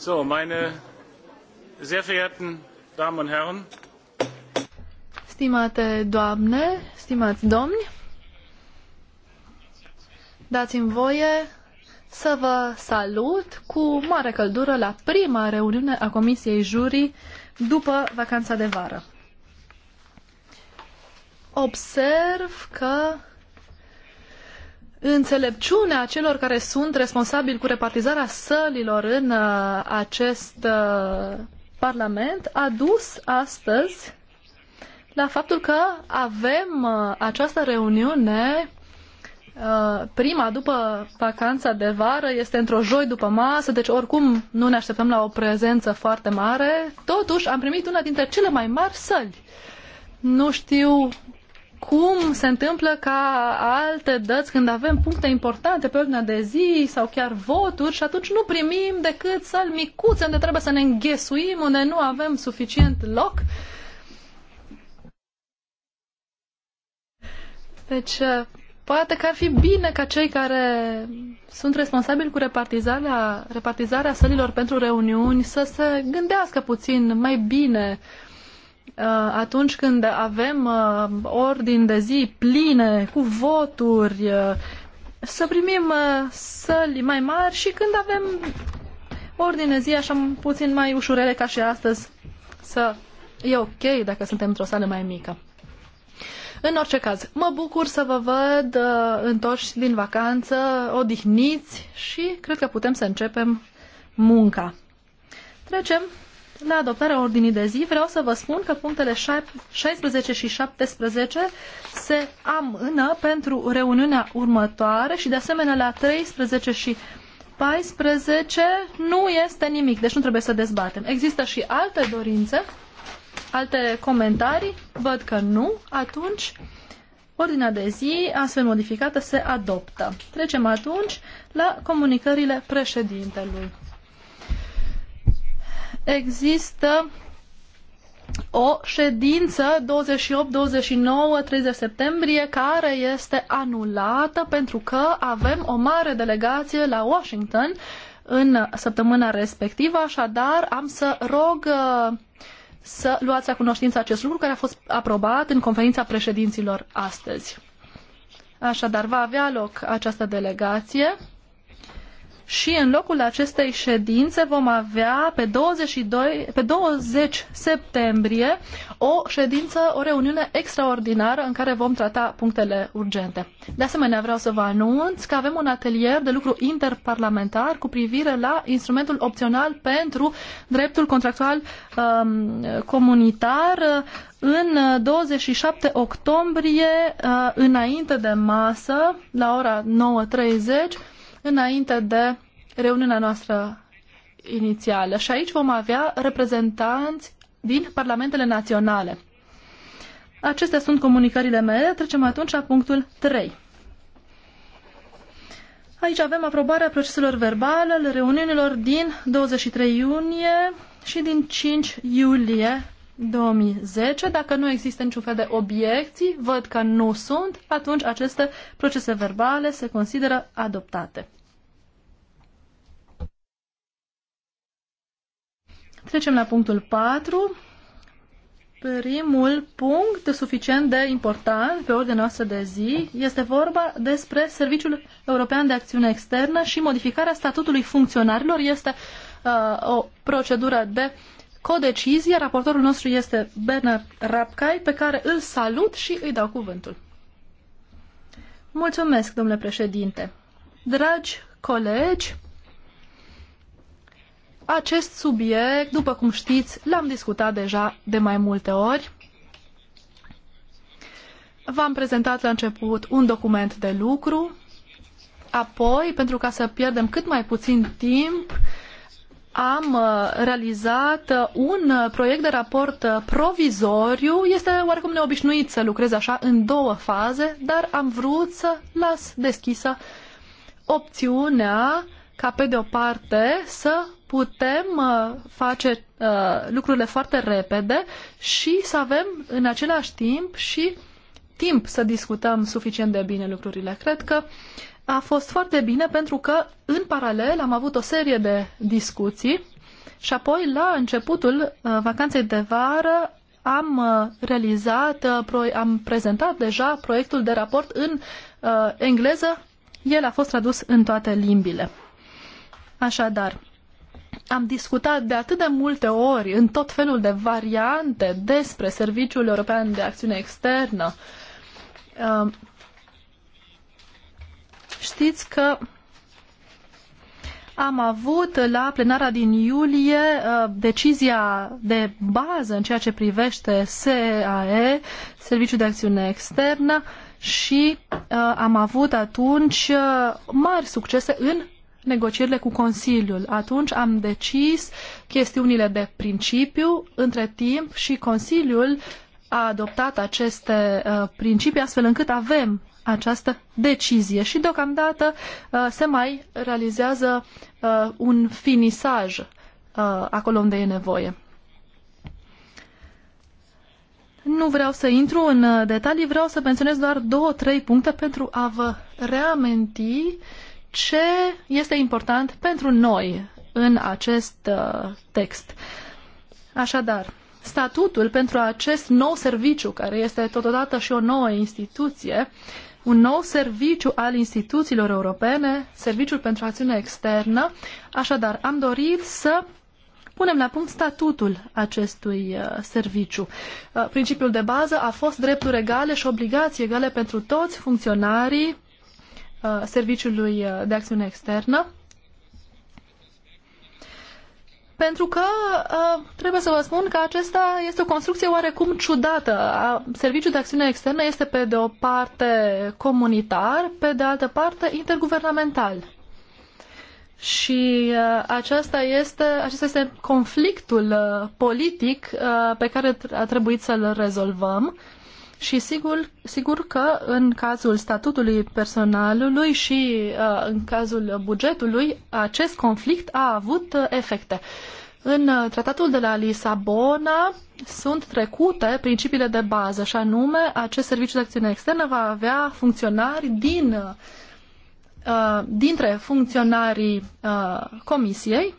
So, meine sehr verehrten Damen und Herren. Stimate doamne, stimați domni, dați-mi voie să vă salut cu mare căldură la prima reuniune a Comisiei Jurii după vacanța de vară. Observ că înțelepciunea celor care sunt responsabili cu repartizarea sălilor în uh, acest uh, Parlament a dus astăzi la faptul că avem uh, această reuniune uh, prima după vacanța de vară este într-o joi după masă, deci oricum nu ne așteptăm la o prezență foarte mare. Totuși am primit una dintre cele mai mari săli. Nu știu cum se întâmplă ca alte dăți când avem puncte importante pe ordinea de zi sau chiar voturi și atunci nu primim decât săl micuțe unde trebuie să ne înghesuim, unde nu avem suficient loc. Deci, poate că ar fi bine ca cei care sunt responsabili cu repartizarea, repartizarea sălilor pentru reuniuni să se gândească puțin mai bine Uh, atunci când avem uh, ordini de zi pline cu voturi, uh, să primim săli mai mari și când avem ordine zi așa puțin mai ușurele ca și astăzi, să e ok dacă suntem într-o sală mai mică. În orice caz, mă bucur să vă văd uh, întorși din vacanță, odihniți și cred că putem să începem munca. Trecem la adoptarea ordinii de zi, vreau să vă spun că punctele 16 și 17 se amână pentru reuniunea următoare și de asemenea la 13 și 14 nu este nimic, deci nu trebuie să dezbatem. Există și alte dorințe, alte comentarii? Văd că nu. Atunci, ordinea de zi, astfel modificată, se adoptă. Trecem atunci la comunicările președintelui există o ședință 28, 29, 30 septembrie care este anulată pentru că avem o mare delegație la Washington în săptămâna respectivă, așadar am să rog uh, să luați la cunoștință acest lucru care a fost aprobat în conferința președinților astăzi. Așadar, va avea loc această delegație și în locul acestei ședințe vom avea pe 22, pe 20 septembrie o ședință, o reuniune extraordinară în care vom trata punctele urgente. De asemenea, vreau să vă anunț că avem un atelier de lucru interparlamentar cu privire la instrumentul opțional pentru dreptul contractual um, comunitar în 27 octombrie, uh, înainte de masă, la ora 9.30, înainte de reuniunea noastră inițială. Și aici vom avea reprezentanți din parlamentele naționale. Acestea sunt comunicările mele. Trecem atunci la punctul 3. Aici avem aprobarea proceselor verbale ale reuniunilor din 23 iunie și din 5 iulie 2010. Dacă nu există niciun fel de obiecții, văd că nu sunt, atunci aceste procese verbale se consideră adoptate. Trecem la punctul 4. Primul punct suficient de important pe ordinea noastră de zi este vorba despre Serviciul European de Acțiune Externă și modificarea statutului funcționarilor. Este uh, o procedură de uh, codecizie. Raportorul nostru este Bernard Rapcai, pe care îl salut și îi dau cuvântul. Mulțumesc, domnule președinte. Dragi colegi, acest subiect, după cum știți, l-am discutat deja de mai multe ori. V-am prezentat la început un document de lucru, apoi, pentru ca să pierdem cât mai puțin timp, am uh, realizat uh, un uh, proiect de raport provizoriu. Este oarecum neobișnuit să lucrez așa în două faze, dar am vrut să las deschisă opțiunea ca pe de o parte să putem face lucrurile foarte repede și să avem în același timp și timp să discutăm suficient de bine lucrurile. Cred că a fost foarte bine pentru că, în paralel, am avut o serie de discuții și apoi, la începutul uh, vacanței de vară, am uh, realizat, uh, am prezentat deja proiectul de raport în engleză. El a fost tradus în toate limbile. Așadar, am discutat de atât de multe ori, în tot felul de variante, despre Serviciul European de Acțiune Externă, Știți că am avut la plenara din iulie uh, decizia de bază în ceea ce privește SAE, Serviciul de Acțiune Externă, și uh, am avut atunci uh, mari succese în negocierile cu Consiliul. Atunci am decis chestiunile de principiu, între timp și Consiliul a adoptat aceste principii astfel încât avem această decizie și deocamdată uh, se mai realizează uh, un finisaj uh, acolo unde e nevoie. Nu vreau să intru în detalii, vreau să menționez doar două, trei puncte pentru a vă reaminti ce este important pentru noi în acest text. Așadar, statutul pentru acest nou serviciu, care este totodată și o nouă instituție, un nou serviciu al instituțiilor europene, Serviciul pentru Acțiune Externă. Așadar, am dorit să punem la punct statutul acestui uh, serviciu. Uh, principiul de bază a fost drepturi egale și obligații egale pentru toți funcționarii uh, Serviciului uh, de Acțiune Externă pentru că ă, trebuie să vă spun că acesta este o construcție oarecum ciudată. Serviciul de Acțiune Externă este pe de o parte comunitar, pe de altă parte interguvernamental. Și ă, aceasta este, acesta este conflictul ă, politic pe care a trebuit să-l rezolvăm și sigur, sigur că în cazul statutului personalului și uh, în cazul bugetului, acest conflict a avut uh, efecte. În uh, tratatul de la Lisabona sunt trecute principiile de bază și anume acest serviciu de acțiune externă va avea funcționari din, uh, dintre funcționarii uh, comisiei,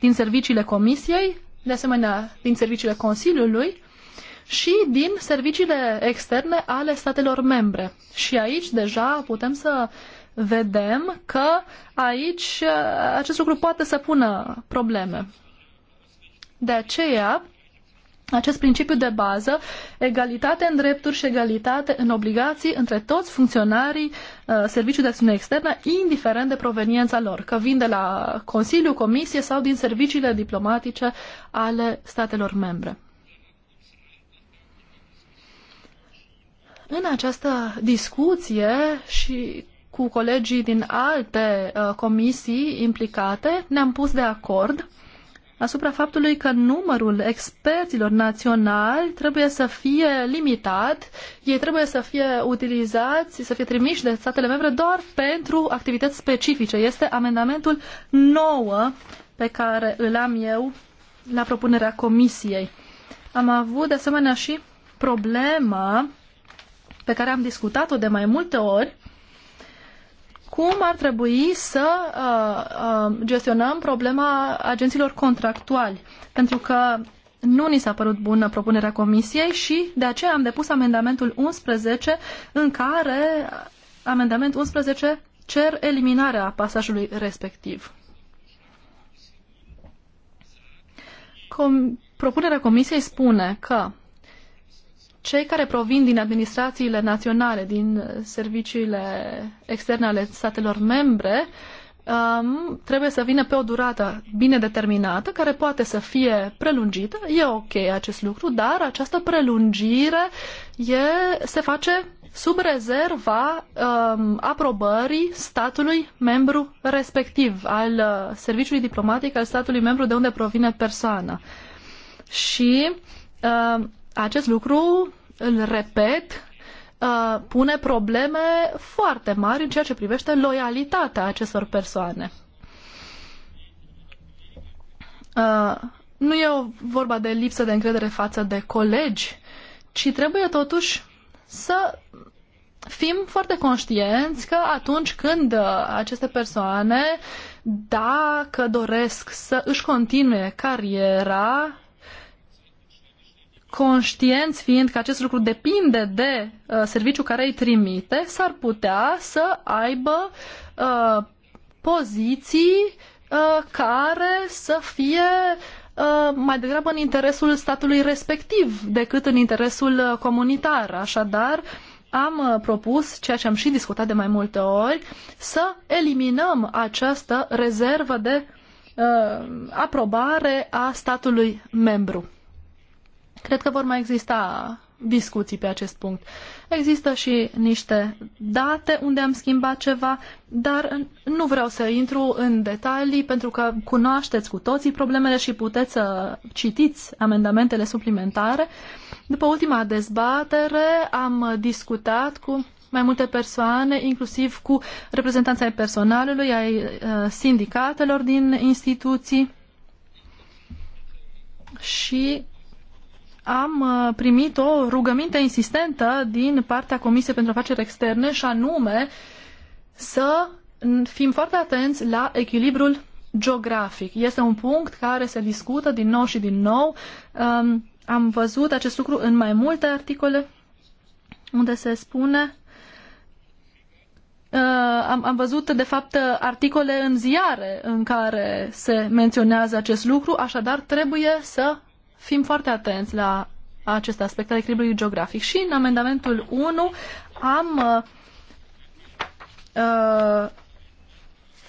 din serviciile comisiei, de asemenea din serviciile Consiliului, și din serviciile externe ale statelor membre. Și aici deja putem să vedem că aici uh, acest lucru poate să pună probleme. De aceea, acest principiu de bază, egalitate în drepturi și egalitate în obligații între toți funcționarii serviciu uh, Serviciului de Acțiune Externă, indiferent de proveniența lor, că vin de la Consiliu, Comisie sau din serviciile diplomatice ale statelor membre. În această discuție și cu colegii din alte uh, comisii implicate, ne-am pus de acord asupra faptului că numărul experților naționali trebuie să fie limitat, ei trebuie să fie utilizați, să fie trimiși de statele membre doar pentru activități specifice. Este amendamentul 9 pe care îl am eu la propunerea comisiei. Am avut de asemenea și problema pe care am discutat-o de mai multe ori, cum ar trebui să uh, uh, gestionăm problema agenților contractuali. Pentru că nu ni s-a părut bună propunerea comisiei și de aceea am depus amendamentul 11 în care amendament 11 cer eliminarea pasajului respectiv. Com propunerea comisiei spune că cei care provin din administrațiile naționale, din uh, serviciile externe ale statelor membre, um, trebuie să vină pe o durată bine determinată, care poate să fie prelungită. E ok acest lucru, dar această prelungire e, se face sub rezerva um, aprobării statului membru respectiv, al uh, serviciului diplomatic al statului membru de unde provine persoana. Și uh, acest lucru, îl repet, uh, pune probleme foarte mari în ceea ce privește loialitatea acestor persoane. Uh, nu e vorba de lipsă de încredere față de colegi, ci trebuie totuși să fim foarte conștienți că atunci când uh, aceste persoane, dacă doresc să își continue cariera, conștienți fiind că acest lucru depinde de uh, serviciul care îi trimite, s-ar putea să aibă uh, poziții uh, care să fie uh, mai degrabă în interesul statului respectiv decât în interesul uh, comunitar. Așadar, am uh, propus, ceea ce am și discutat de mai multe ori, să eliminăm această rezervă de uh, aprobare a statului membru. Cred că vor mai exista discuții pe acest punct. Există și niște date unde am schimbat ceva, dar nu vreau să intru în detalii pentru că cunoașteți cu toții problemele și puteți să citiți amendamentele suplimentare. După ultima dezbatere am discutat cu mai multe persoane, inclusiv cu reprezentanța ai personalului, ai uh, sindicatelor din instituții și am uh, primit o rugăminte insistentă din partea Comisiei pentru Afaceri Externe și anume să fim foarte atenți la echilibrul geografic. Este un punct care se discută din nou și din nou. Um, am văzut acest lucru în mai multe articole unde se spune Uh, am, am văzut, de fapt, articole în ziare în care se menționează acest lucru, așadar trebuie să fim foarte atenți la acest aspect al echilibrului geografic. Și în amendamentul 1 am uh, uh,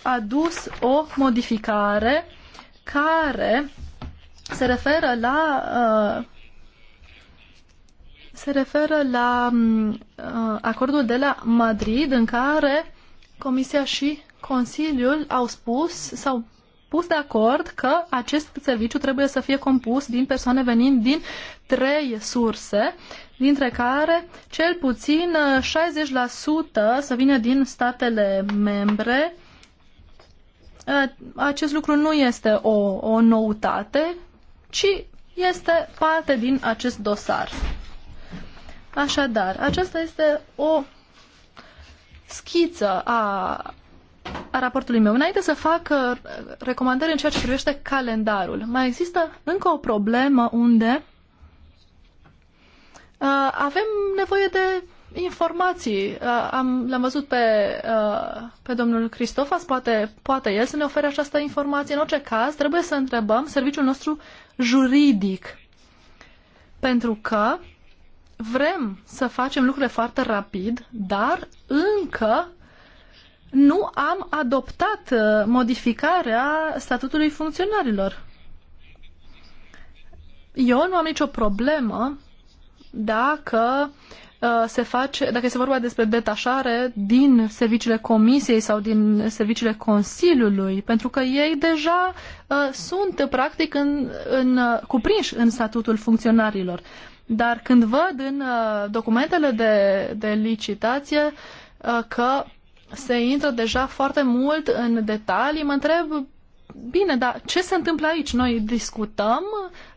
adus o modificare care se referă la uh, se referă la mm, uh, acordul de la Madrid în care Comisia și Consiliul au spus sau pus de acord că acest serviciu trebuie să fie compus din persoane venind din trei surse, dintre care cel puțin 60% uh, să vină din statele membre. Uh, acest lucru nu este o, o noutate, ci este parte din acest dosar. Așadar, aceasta este o schiță a a raportului meu. Înainte să fac uh, recomandări în ceea ce privește calendarul, mai există încă o problemă unde uh, avem nevoie de informații. Uh, am, l-am văzut pe, pe domnul Cristofas, poate, poate el să ne ofere această informație. În orice caz, trebuie să întrebăm serviciul nostru juridic. Pentru că vrem să facem lucrurile foarte rapid, dar încă nu am adoptat uh, modificarea statutului funcționarilor. Eu nu am nicio problemă dacă uh, se face, dacă este vorba despre detașare din serviciile comisiei sau din serviciile Consiliului, pentru că ei deja uh, sunt practic în, în, uh, cuprinși în statutul funcționarilor. Dar când văd în uh, documentele de, de licitație uh, că se intră deja foarte mult în detalii. Mă întreb, bine, dar ce se întâmplă aici? Noi discutăm,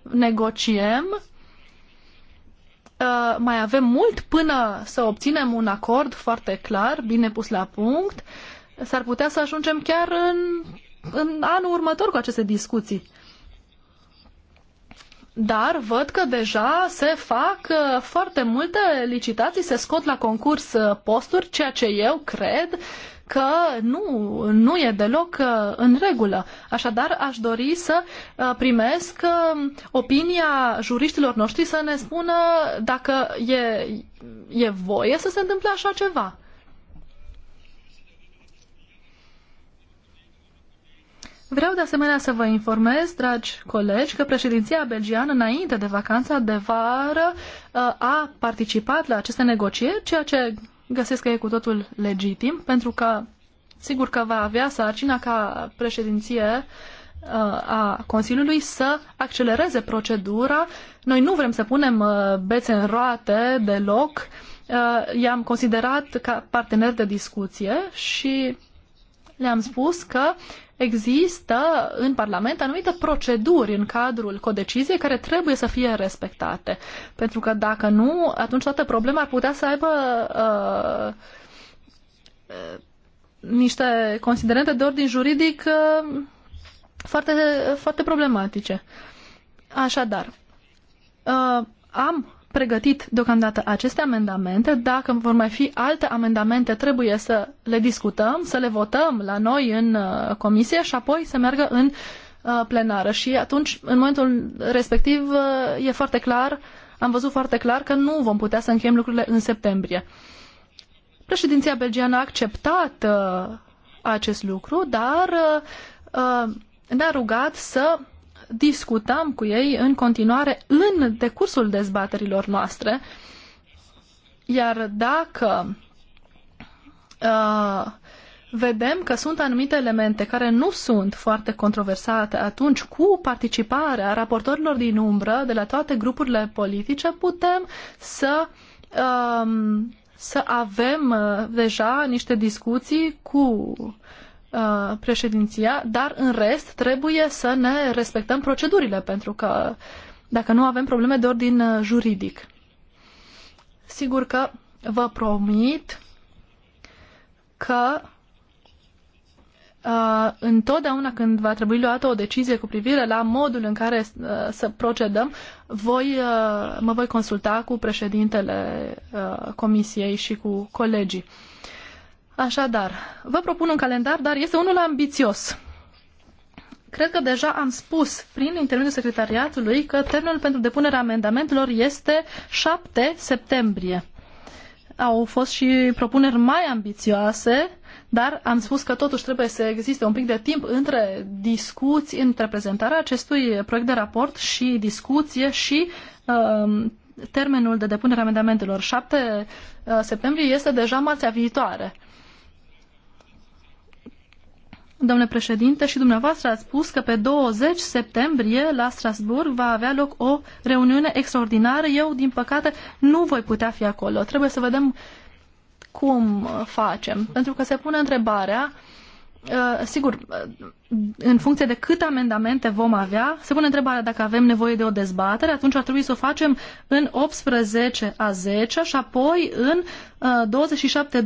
negociem, uh, mai avem mult până să obținem un acord foarte clar, bine pus la punct. S-ar putea să ajungem chiar în, în anul următor cu aceste discuții. Dar văd că deja se fac uh, foarte multe licitații, se scot la concurs uh, posturi, ceea ce eu cred că nu, nu e deloc uh, în regulă. Așadar, aș dori să primesc opinia juriștilor noștri să ne spună dacă e, e voie să se întâmple așa ceva. Vreau de asemenea să vă informez, dragi colegi, că președinția belgiană, înainte de vacanța de vară, uh, a participat la aceste negocieri, ceea ce găsesc că e cu totul legitim, pentru că sigur că va avea sarcina ca președinție uh, a Consiliului să accelereze procedura. Noi nu vrem să punem uh, bețe în roate deloc. I-am considerat ca partener de discuție și le-am spus că există în Parlament anumite proceduri în cadrul codeciziei care trebuie să fie respectate. Pentru că dacă nu, atunci toată problema ar putea să aibă uh, uh niște considerente de ordin juridic uh, foarte, foarte problematice. Așadar, uh, am pregătit deocamdată aceste amendamente. Dacă vor mai fi alte amendamente, trebuie să le discutăm, să le votăm la noi în uh, comisie și apoi să meargă în uh, plenară. Și atunci, în momentul respectiv, uh, e foarte clar, am văzut foarte clar că nu vom putea să încheiem lucrurile în septembrie. Președinția belgiană a acceptat acest lucru, dar ne-a rugat să discutam cu ei în continuare în decursul dezbaterilor noastre. Iar dacă uh, vedem că sunt anumite elemente care nu sunt foarte controversate, atunci cu participarea raportorilor din umbră de la toate grupurile politice putem să um, să avem uh, deja niște discuții cu uh, președinția, dar în rest trebuie să ne respectăm procedurile, pentru că dacă nu avem probleme de ordin uh, juridic. Sigur că vă promit că uh, întotdeauna când va trebui luată o decizie cu privire la modul în care uh, să procedăm, voi, uh, mă voi consulta cu președintele uh, comisiei și cu colegii. Așadar, vă propun un calendar, dar este unul ambițios. Cred că deja am spus prin intermediul secretariatului că termenul pentru depunerea amendamentelor este 7 septembrie. Au fost și propuneri mai ambițioase, dar am spus că totuși trebuie să existe un pic de timp între discuții, între prezentarea acestui proiect de raport și discuție și um, termenul de depunere a amendamentelor 7 uh, septembrie este deja marțea viitoare. Domnule președinte, și dumneavoastră ați spus că pe 20 septembrie la Strasburg va avea loc o reuniune extraordinară. Eu, din păcate, nu voi putea fi acolo. Trebuie să vedem cum uh, facem. Pentru că se pune întrebarea, uh, sigur, uh, în funcție de câte amendamente vom avea, se pune întrebarea dacă avem nevoie de o dezbatere, atunci ar trebui să o facem în 18 a 10 și apoi în 27-28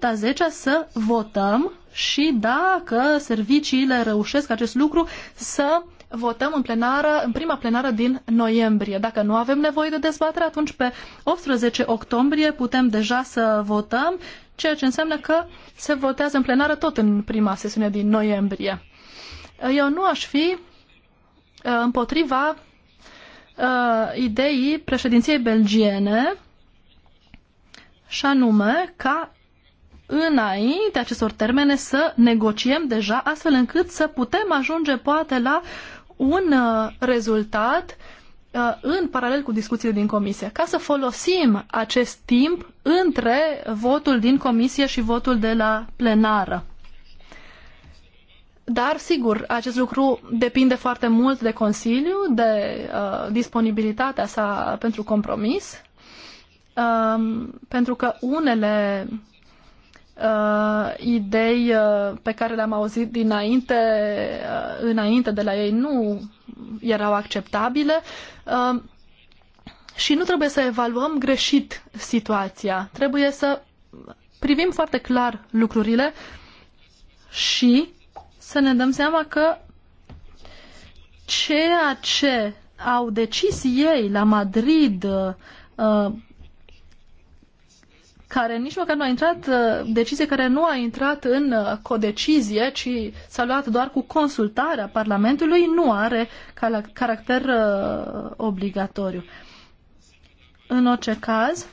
a 10 să votăm și dacă serviciile reușesc acest lucru să votăm în, plenară, în prima plenară din noiembrie. Dacă nu avem nevoie de dezbatere, atunci pe 18 octombrie putem deja să votăm, ceea ce înseamnă că se votează în plenară tot în prima sesiune din noiembrie. Eu nu aș fi uh, împotriva uh, ideii președinției belgiene și anume ca înainte acestor termene să negociem deja astfel încât să putem ajunge poate la un uh, rezultat uh, în paralel cu discuțiile din comisie, ca să folosim acest timp între votul din comisie și votul de la plenară. Dar, sigur, acest lucru depinde foarte mult de Consiliu, de uh, disponibilitatea sa pentru compromis, uh, pentru că unele uh, idei uh, pe care le-am auzit dinainte, uh, înainte de la ei nu erau acceptabile uh, și nu trebuie să evaluăm greșit situația. Trebuie să privim foarte clar lucrurile și să ne dăm seama că ceea ce au decis ei la Madrid uh, care nici măcar nu a intrat, uh, decizie care nu a intrat în uh, codecizie, ci s-a luat doar cu consultarea Parlamentului, nu are caracter uh, obligatoriu. În orice caz,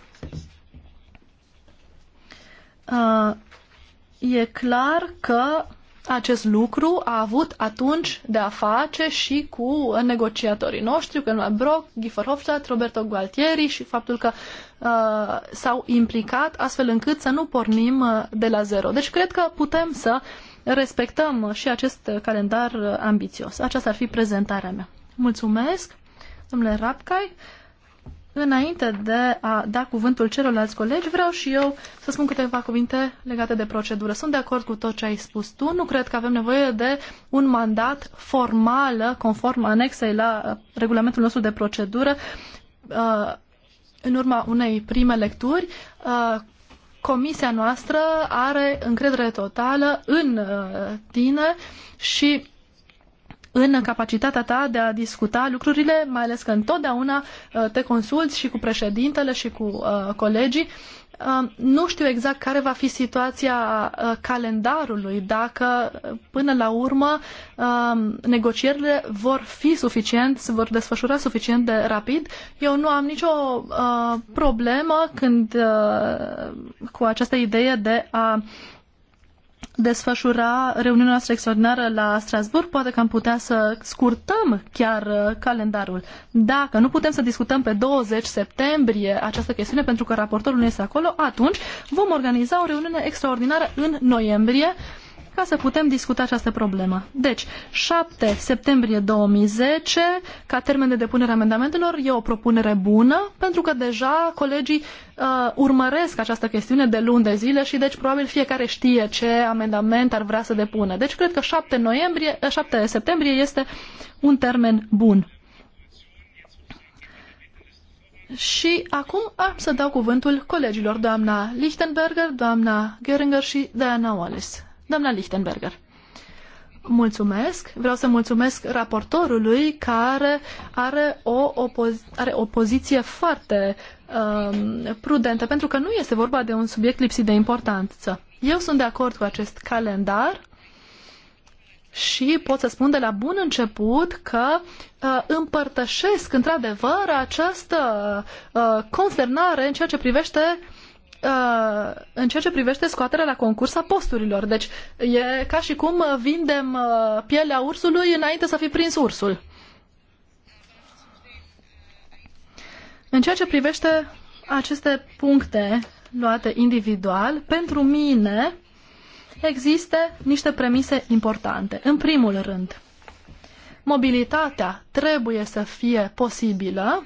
e clar că acest lucru a avut atunci de a face și cu negociatorii noștri, cu Elmar Brock, Guy Hofstadt, Roberto Gualtieri și faptul că uh, s-au implicat astfel încât să nu pornim uh, de la zero. Deci cred că putem să respectăm și acest calendar uh, ambițios. Aceasta ar fi prezentarea mea. Mulțumesc, domnule Rapcai. Înainte de a da cuvântul celorlalți colegi, vreau și eu să spun câteva cuvinte legate de procedură. Sunt de acord cu tot ce ai spus tu. Nu cred că avem nevoie de un mandat formal, conform anexei la uh, regulamentul nostru de procedură, uh, în urma unei prime lecturi. Uh, comisia noastră are încredere totală în tine și în capacitatea ta de a discuta lucrurile, mai ales că întotdeauna uh, te consulți și cu președintele și cu uh, colegii. Uh, nu știu exact care va fi situația calendarului, dacă până la urmă negocierile vor fi suficient, se vor desfășura suficient de rapid. Eu nu am nicio problemă când cu această idee de a desfășura reuniunea noastră extraordinară la Strasburg, poate că am putea să scurtăm chiar uh, calendarul. Dacă nu putem să discutăm pe 20 septembrie această chestiune pentru că raportorul nu este acolo, atunci vom organiza o reuniune extraordinară în noiembrie ca să putem discuta această problemă. Deci, 7 septembrie 2010, ca termen de depunere a amendamentelor, e o propunere bună, pentru că deja colegii uh, urmăresc această chestiune de luni de zile și deci probabil fiecare știe ce amendament ar vrea să depună. Deci, cred că 7, noiembrie, 7 uh, septembrie este un termen bun. Și acum am să dau cuvântul colegilor, doamna Lichtenberger, doamna Geringer și Diana Wallace. Doamna Lichtenberger. Mulțumesc. Vreau să mulțumesc raportorului care are o, opozi- are o poziție foarte um, prudentă, pentru că nu este vorba de un subiect lipsit de importanță. Eu sunt de acord cu acest calendar și pot să spun de la bun început că uh, împărtășesc într-adevăr această uh, consternare în ceea ce privește uh, Uh, în ceea ce privește scoaterea la concurs a posturilor. Deci e ca și cum uh, vindem uh, pielea ursului înainte să fi prins ursul. În ceea ce privește aceste puncte luate individual, pentru mine există niște premise importante. În primul rând, mobilitatea trebuie să fie posibilă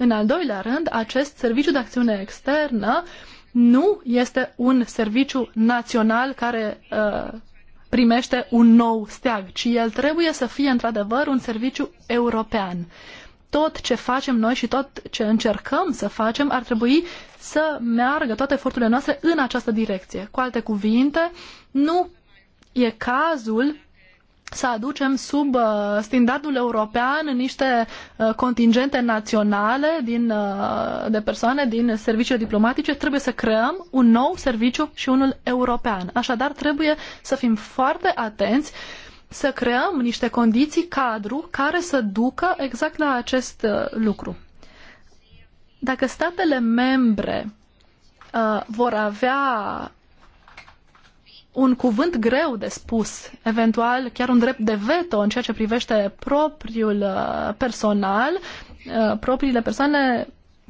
în al doilea rând, acest serviciu de acțiune externă nu este un serviciu național care uh, primește un nou steag, ci el trebuie să fie într-adevăr un serviciu european. Tot ce facem noi și tot ce încercăm să facem ar trebui să meargă toate eforturile noastre în această direcție. Cu alte cuvinte, nu e cazul să aducem sub uh, standardul european niște uh, contingente naționale din, uh, de persoane din serviciile diplomatice, trebuie să creăm un nou serviciu și unul european. Așadar, trebuie să fim foarte atenți să creăm niște condiții cadru care să ducă exact la acest lucru. Dacă statele membre vor avea un cuvânt greu de spus, eventual chiar un drept de veto în ceea ce privește propriul uh, personal, uh, propriile persoane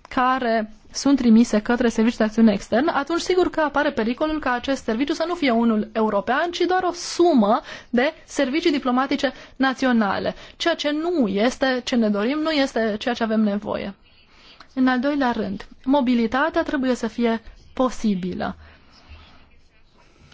care sunt trimise către serviciul de acțiune externă, atunci sigur că apare pericolul ca acest serviciu să nu fie unul european, ci doar o sumă de servicii diplomatice naționale. Ceea ce nu este ce ne dorim, nu este ceea ce avem nevoie. În al doilea rând, mobilitatea trebuie să fie posibilă.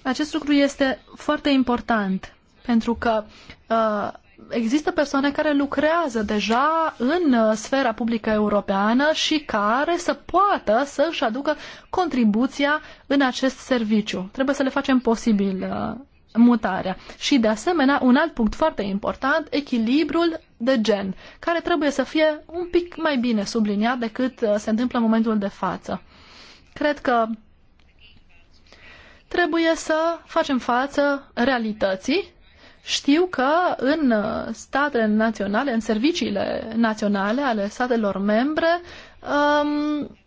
Acest lucru este foarte important pentru că uh, există persoane care lucrează deja în uh, sfera publică europeană și care să poată să își aducă contribuția în acest serviciu. Trebuie să le facem posibil uh, mutarea. Și de asemenea, un alt punct foarte important, echilibrul de gen, care trebuie să fie un pic mai bine subliniat decât uh, se întâmplă în momentul de față. Cred că trebuie să facem față realității. Știu că în statele naționale, în serviciile naționale ale statelor membre, um,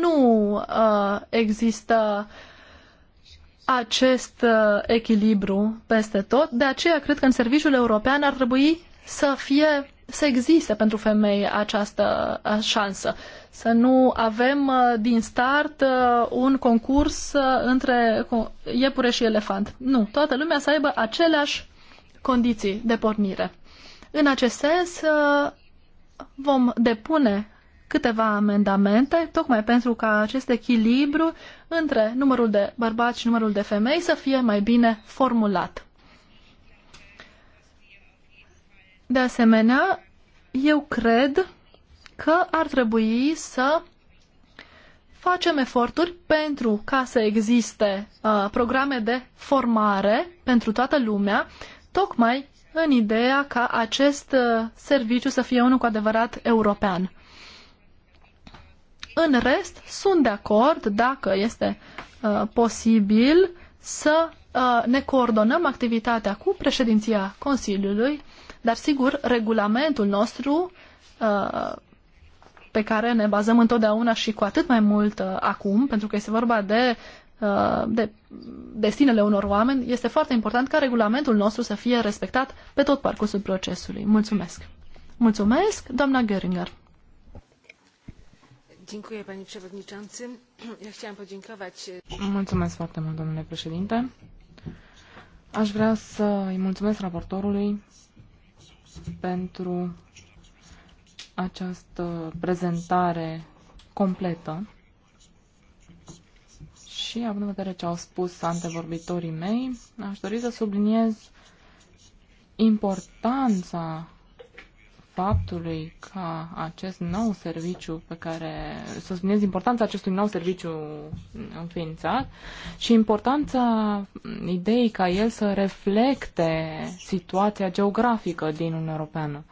nu uh, există acest uh, echilibru peste tot. De aceea cred că în serviciul european ar trebui să fie să existe pentru femei această șansă. Să nu avem din start un concurs între iepure și elefant. Nu, toată lumea să aibă aceleași condiții de pornire. În acest sens vom depune câteva amendamente, tocmai pentru ca acest echilibru între numărul de bărbați și numărul de femei să fie mai bine formulat. De asemenea, eu cred că ar trebui să facem eforturi pentru ca să existe uh, programe de formare pentru toată lumea, tocmai în ideea ca acest uh, serviciu să fie unul cu adevărat european. În rest, sunt de acord, dacă este uh, posibil, să uh, ne coordonăm activitatea cu președinția Consiliului dar sigur, regulamentul nostru uh, pe care ne bazăm întotdeauna și cu atât mai mult uh, acum, pentru că este vorba de, uh, de destinele unor oameni, este foarte important ca regulamentul nostru să fie respectat pe tot parcursul procesului. Mulțumesc! Mulțumesc, doamna Göringer! Mulțumesc foarte mult, domnule președinte. Aș vrea să îi mulțumesc raportorului pentru această prezentare completă. Și având în vedere ce au spus antevorbitorii mei, aș dori să subliniez importanța faptului că acest nou serviciu pe care să subliniez importanța acestui nou serviciu înființat și importanța ideii ca el să reflecte situația geografică din Uniunea Europeană.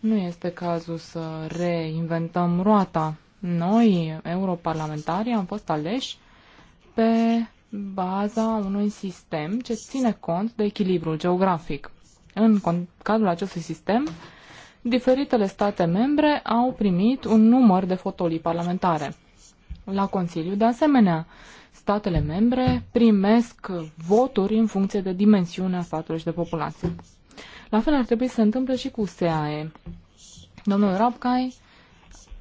Nu este cazul să reinventăm roata. Noi, europarlamentari, am fost aleși pe baza unui sistem ce ține cont de echilibrul geografic. În cadrul acestui sistem, diferitele state membre au primit un număr de fotolii parlamentare. La Consiliu, de asemenea, statele membre primesc voturi în funcție de dimensiunea statului și de populație. La fel ar trebui să se întâmple și cu SAE. Domnul Rapcai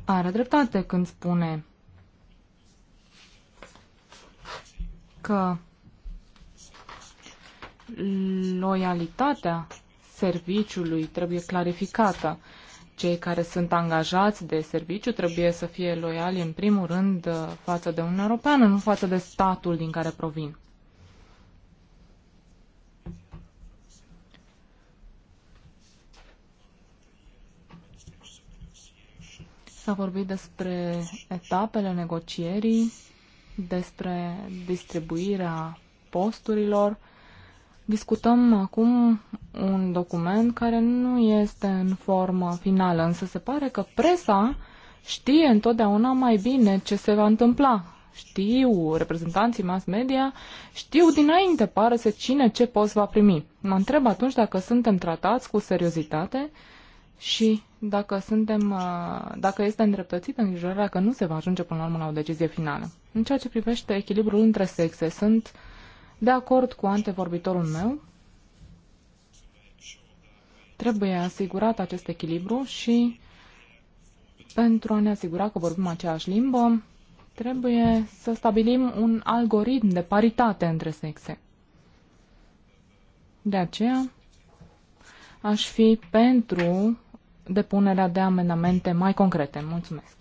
are dreptate când spune că loialitatea serviciului trebuie clarificată. Cei care sunt angajați de serviciu trebuie să fie loiali în primul rând uh, față de un european, nu față de statul din care provin. S-a vorbit despre etapele negocierii, despre distribuirea posturilor, Discutăm acum un document care nu este în formă finală, însă se pare că presa știe întotdeauna mai bine ce se va întâmpla. Știu, reprezentanții mass media știu dinainte, pare să cine ce post va primi. Mă întreb atunci dacă suntem tratați cu seriozitate și dacă, suntem, uh, dacă este îndreptățită îngrijorarea că nu se va ajunge până la urmă la o decizie finală. În ceea ce privește echilibrul între sexe, sunt uh, de acord cu antevorbitorul meu, trebuie asigurat acest echilibru și pentru a ne asigura că vorbim aceeași limbă, trebuie să stabilim un algoritm de paritate între sexe. De aceea, aș fi pentru depunerea de amendamente mai concrete. Mulțumesc.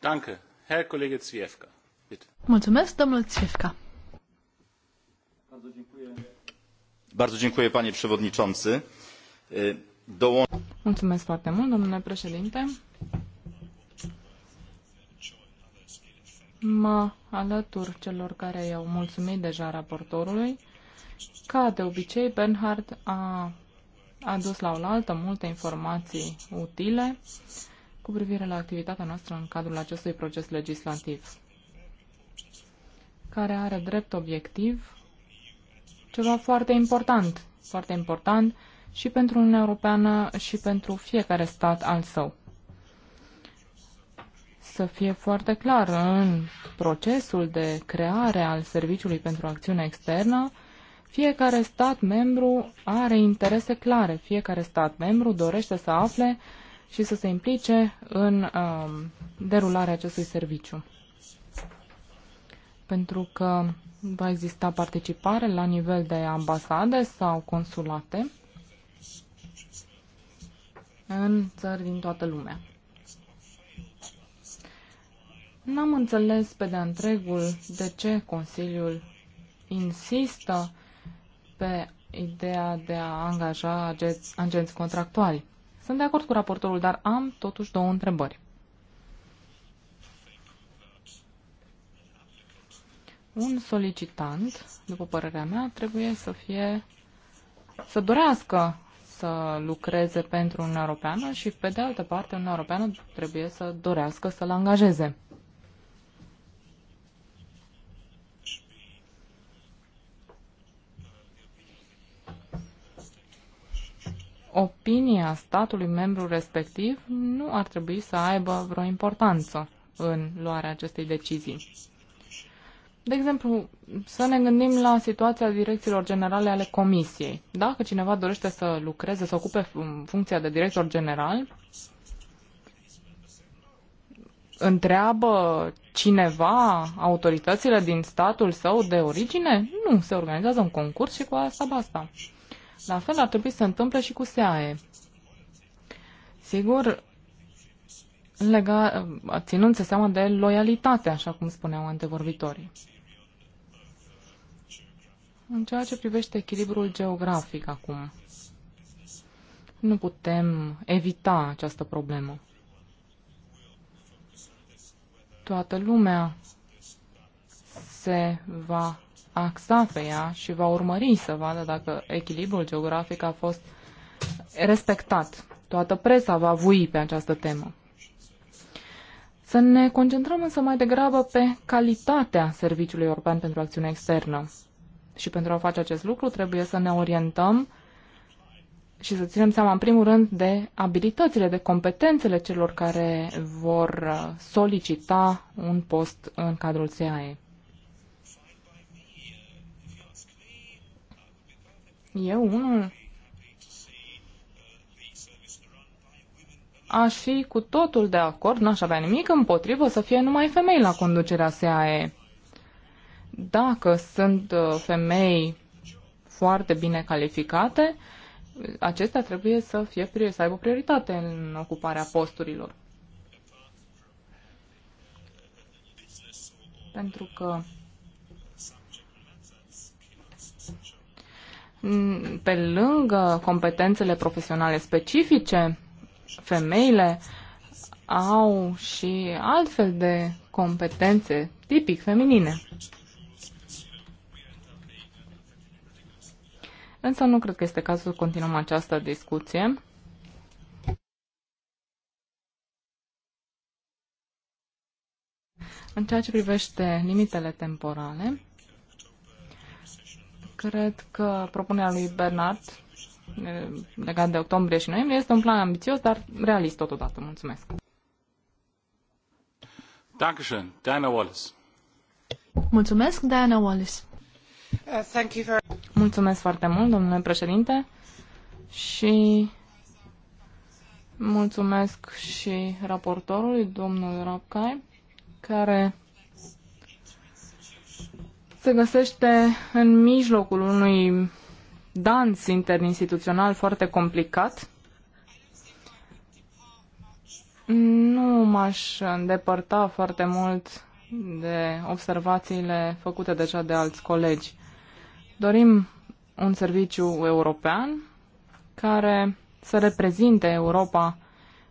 Danke. Herr Kollege Zwiefka, bitte. Mulțumesc, domnul Zwiefka. Bardzo dziękuję, panie przewodniczący. Mulțumesc foarte mult, domnule președinte. Mă alătur celor care i-au mulțumit deja raportorului. Ca de obicei, Bernhard a adus la oaltă multe informații utile cu privire la activitatea noastră în cadrul acestui proces legislativ, care are drept obiectiv ceva foarte important, foarte important și pentru Uniunea Europeană și pentru fiecare stat al său. Să fie foarte clar, în procesul de creare al Serviciului pentru Acțiune Externă, fiecare stat membru are interese clare, fiecare stat membru dorește să afle și să se implice în uh, derularea acestui serviciu pentru că va exista participare la nivel de ambasade sau consulate în țări din toată lumea. N-am înțeles pe de-a întregul de ce Consiliul insistă pe ideea de a angaja agenți, agenți contractuali. Sunt de acord cu raportorul, dar am totuși două întrebări. un solicitant, după părerea mea, trebuie să fie să dorească să lucreze pentru un Europeană și, pe de altă parte, un Europeană trebuie să dorească să-l angajeze. Opinia statului membru respectiv nu ar trebui să aibă vreo importanță în luarea acestei decizii. De exemplu, să ne gândim la situația direcțiilor generale ale comisiei. Dacă cineva dorește să lucreze, să ocupe funcția de director general, întreabă cineva autoritățile din statul său de origine? Nu, se organizează un concurs și cu asta basta. La fel ar trebui să se întâmple și cu SEAE. Sigur, lega, se seama de loialitate, așa cum spuneau antevorbitorii. În ceea ce privește echilibrul geografic acum, nu putem evita această problemă. Toată lumea se va axa pe ea și va urmări să vadă dacă echilibrul geografic a fost respectat. Toată presa va vui pe această temă. Să ne concentrăm însă mai degrabă pe calitatea Serviciului European pentru Acțiune Externă. Și pentru a face acest lucru trebuie să ne orientăm și să ținem seama, în primul rând, de abilitățile, de competențele celor care vor uh, solicita un post în cadrul SEAE. Eu, unul, aș fi cu totul de acord, n-aș avea nimic împotrivă să fie numai femei la conducerea SAE. Dacă sunt uh, femei foarte bine calificate, acestea trebuie să, fie, să aibă prioritate în ocuparea posturilor. Pentru că pe lângă competențele profesionale specifice, femeile au și altfel de competențe tipic feminine. Însă nu cred că este cazul să continuăm această discuție. În ceea ce privește limitele temporale, cred că propunerea lui Bernard legat de octombrie și noiembrie. Este un plan ambițios, dar realist totodată. Mulțumesc. Dankeschön. Diana Wallace. Mulțumesc, Diana Wallace. Uh, thank you Mulțumesc foarte mult, domnule președinte, și mulțumesc și raportorului, domnul Rapcai, care se găsește în mijlocul unui dans interinstituțional foarte complicat. Nu m-aș îndepărta foarte mult de observațiile făcute deja de alți colegi. Dorim un serviciu european care să reprezinte Europa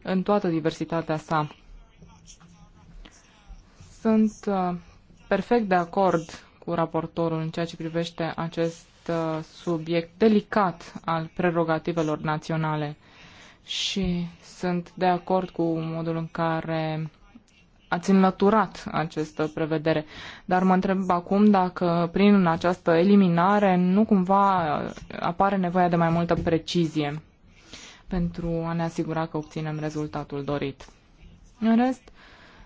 în toată diversitatea sa. Sunt uh, perfect de acord cu raportorul în ceea ce privește acest Uh, subiect delicat al prerogativelor naționale și sunt de acord cu modul în care ați înlăturat această prevedere. Dar mă întreb acum dacă prin această eliminare nu cumva apare nevoia de mai multă precizie pentru a ne asigura că obținem rezultatul dorit. În rest,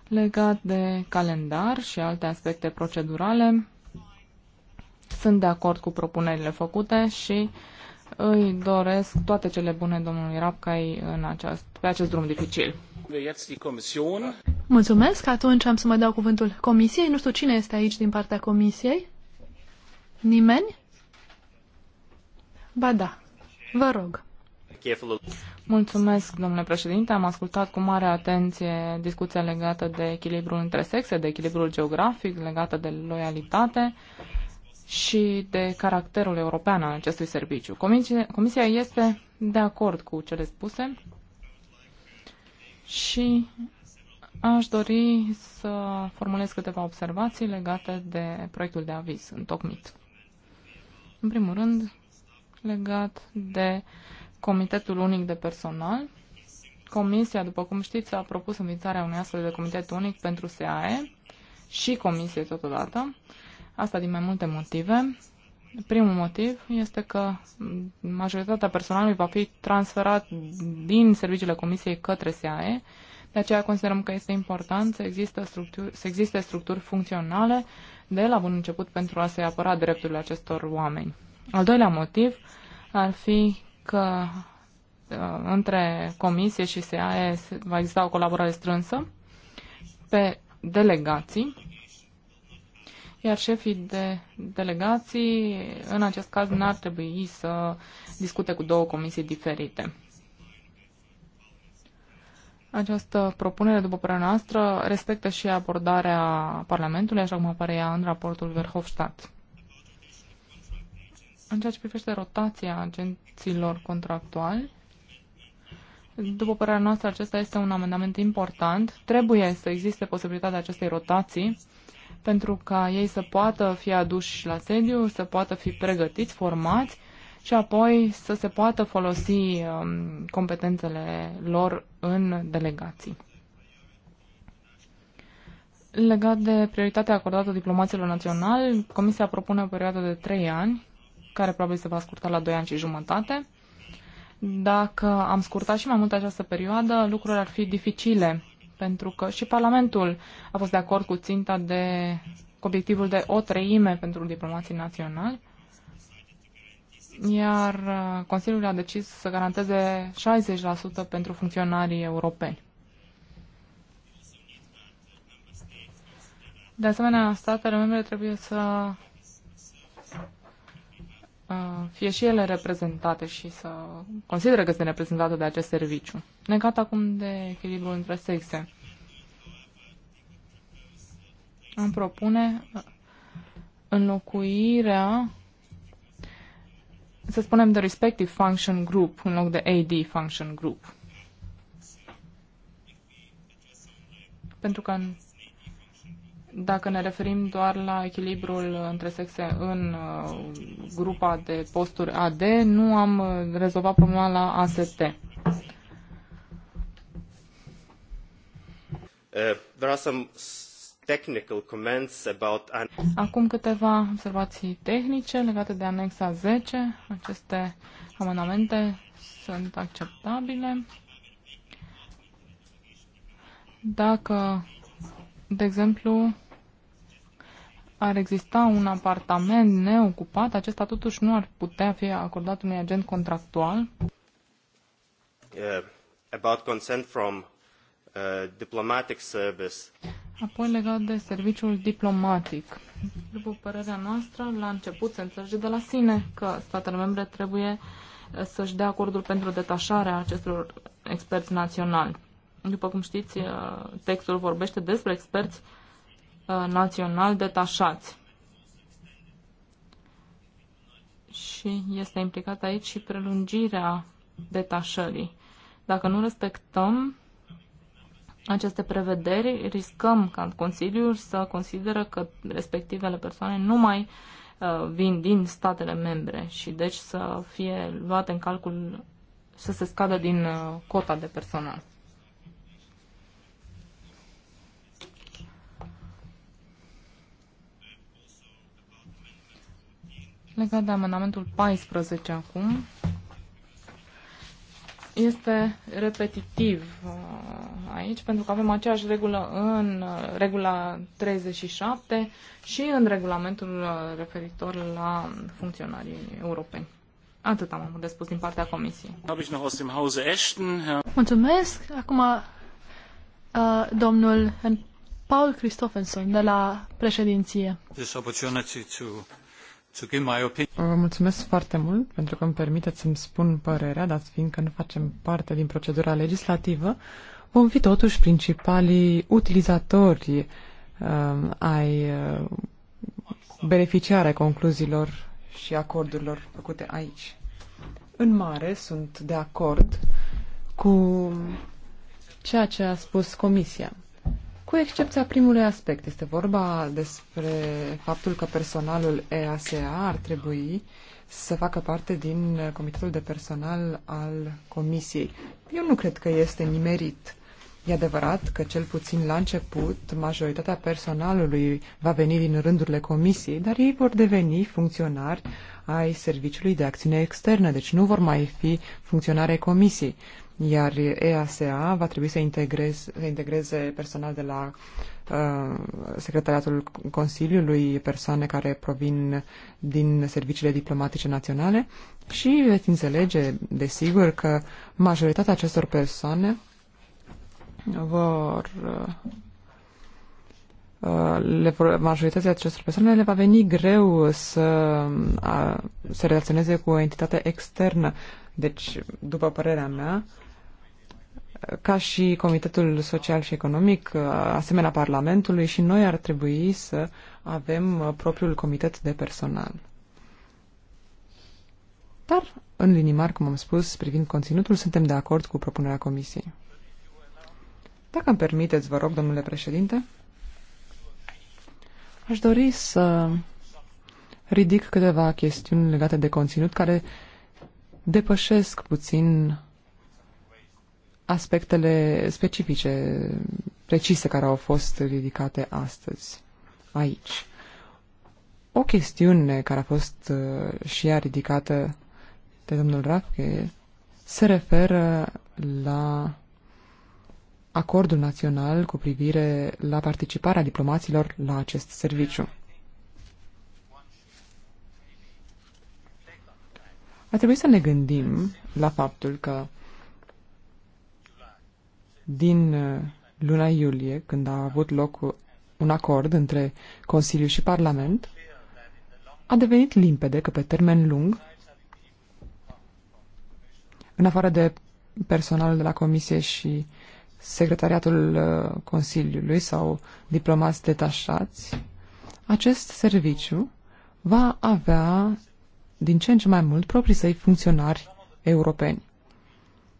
legat de calendar și alte aspecte procedurale, sunt de acord cu propunerile făcute și îi doresc toate cele bune domnului Rapcai în aceast, pe acest drum dificil. Mulțumesc. Atunci am să mă dau cuvântul comisiei. Nu știu cine este aici din partea comisiei. Nimeni? Ba da. Vă rog. Mulțumesc, domnule președinte. Am ascultat cu mare atenție discuția legată de echilibrul între sexe, de echilibrul geografic, legată de loialitate. Uh, și de caracterul european al acestui serviciu. Comisia este de acord cu cele spuse și aș dori să formulez câteva observații legate de proiectul de aviz întocmit. În primul rând, legat de Comitetul Unic de Personal. Comisia, după cum știți, a propus înființarea unui astfel de comitet unic pentru SAE și Comisie totodată Asta din mai multe motive. Primul motiv este că majoritatea personalului va fi transferat din serviciile Comisiei către SAE, de aceea considerăm că este important să, există structuri, să existe structuri funcționale de la bun început pentru a se apăra drepturile acestor oameni. Al doilea motiv ar fi că uh, între Comisie și SAE va exista o colaborare strânsă pe delegații iar șefii de delegații, în acest caz, n-ar trebui să discute cu două comisii diferite. Această propunere, după părerea noastră, respectă și abordarea Parlamentului, așa cum apare ea în raportul Verhofstadt. În ceea ce privește rotația agenților contractuali, după părerea noastră, acesta este un amendament important. Trebuie să existe posibilitatea acestei rotații pentru ca ei să poată fi aduși la sediu, să poată fi pregătiți, formați și apoi să se poată folosi um, competențele lor în delegații. Legat de prioritatea acordată diplomaților naționali, Comisia propune o perioadă de 3 ani, care probabil se va scurta la 2 ani și jumătate. Dacă am scurtat și mai mult această perioadă, lucrurile ar fi dificile pentru că și Parlamentul a fost de acord cu ținta de cu obiectivul de o treime pentru diplomații naționali, iar uh, Consiliul a decis să garanteze 60% pentru funcționarii europeni. De asemenea, statele membre trebuie să Uh, fie și ele reprezentate și să consideră că sunt reprezentate de acest serviciu. Negat acum de echilibru între sexe. Am propune uh, înlocuirea să spunem de respective function group în loc de AD function group. Pentru că în dacă ne referim doar la echilibrul între sexe în uh, grupa de posturi AD, nu am uh, rezolvat problema la AST. Uh, Acum câteva observații tehnice legate de anexa 10. Aceste amendamente sunt acceptabile. Dacă, de exemplu, ar exista un apartament neocupat, acesta totuși nu ar putea fi acordat unui agent contractual? Uh, about consent from uh, diplomatic service. Apoi legat de serviciul diplomatic. După părerea noastră, la început se înțelege de la sine că statele membre trebuie uh, să-și dea acordul pentru detașarea acestor experți naționali. După cum știți, uh, textul vorbește despre experți Uh, național detașați. Și este implicată aici și prelungirea detașării. Dacă nu respectăm aceste prevederi, riscăm ca Consiliul să consideră că respectivele persoane nu mai uh, vin din statele membre și deci să fie luate în calcul să se scadă din uh, cota de personal. Legat de amendamentul 14 acum, este repetitiv uh, aici, pentru că avem aceeași regulă în uh, regula 37 și în regulamentul uh, referitor la funcționarii europeni. Atât am avut de spus din partea Comisiei. Mulțumesc. Acum, domnul Paul Christofenson de la președinție. This opportunity to Vă mulțumesc foarte mult pentru că îmi permiteți să-mi spun părerea, dar fiindcă nu facem parte din procedura legislativă, vom fi totuși principalii utilizatori uh, ai uh, beneficiare concluziilor și acordurilor făcute aici. În mare sunt de acord cu ceea ce a spus Comisia. Cu excepția primului aspect, este vorba despre faptul că personalul EASA ar trebui să facă parte din comitetul de personal al comisiei. Eu nu cred că este nimerit. E adevărat că cel puțin la început majoritatea personalului va veni din rândurile comisiei, dar ei vor deveni funcționari ai Serviciului de Acțiune Externă, deci nu vor mai fi funcționare comisiei iar EASA va trebui să integreze, să integreze personal de la uh, Secretariatul Consiliului, persoane care provin din serviciile diplomatice naționale și veți înțelege, desigur, că majoritatea acestor persoane vor uh, le majoritatea acestor persoane le va veni greu să a, uh, se relaționeze cu o entitate externă. Deci, după părerea mea, ca și Comitetul Social și Economic, uh, asemenea Parlamentului, și noi ar trebui să avem uh, propriul comitet de personal. Dar, în linii mari, cum am spus, privind conținutul, suntem de acord cu propunerea Comisiei. Dacă îmi permiteți, vă rog, domnule președinte, aș dori să ridic câteva chestiuni legate de conținut care depășesc puțin aspectele specifice, precise, care au fost ridicate astăzi, aici. O chestiune care a fost uh, și ea ridicată de domnul Rafke se referă la acordul național cu privire la participarea diplomaților la acest serviciu. A trebuit să ne gândim la faptul că din uh, luna iulie, când a avut loc uh, un acord între Consiliu și Parlament, a devenit limpede că pe termen lung, în afară de personalul de la Comisie și secretariatul uh, Consiliului sau diplomați detașați, acest serviciu va avea din ce în ce mai mult proprii săi funcționari europeni.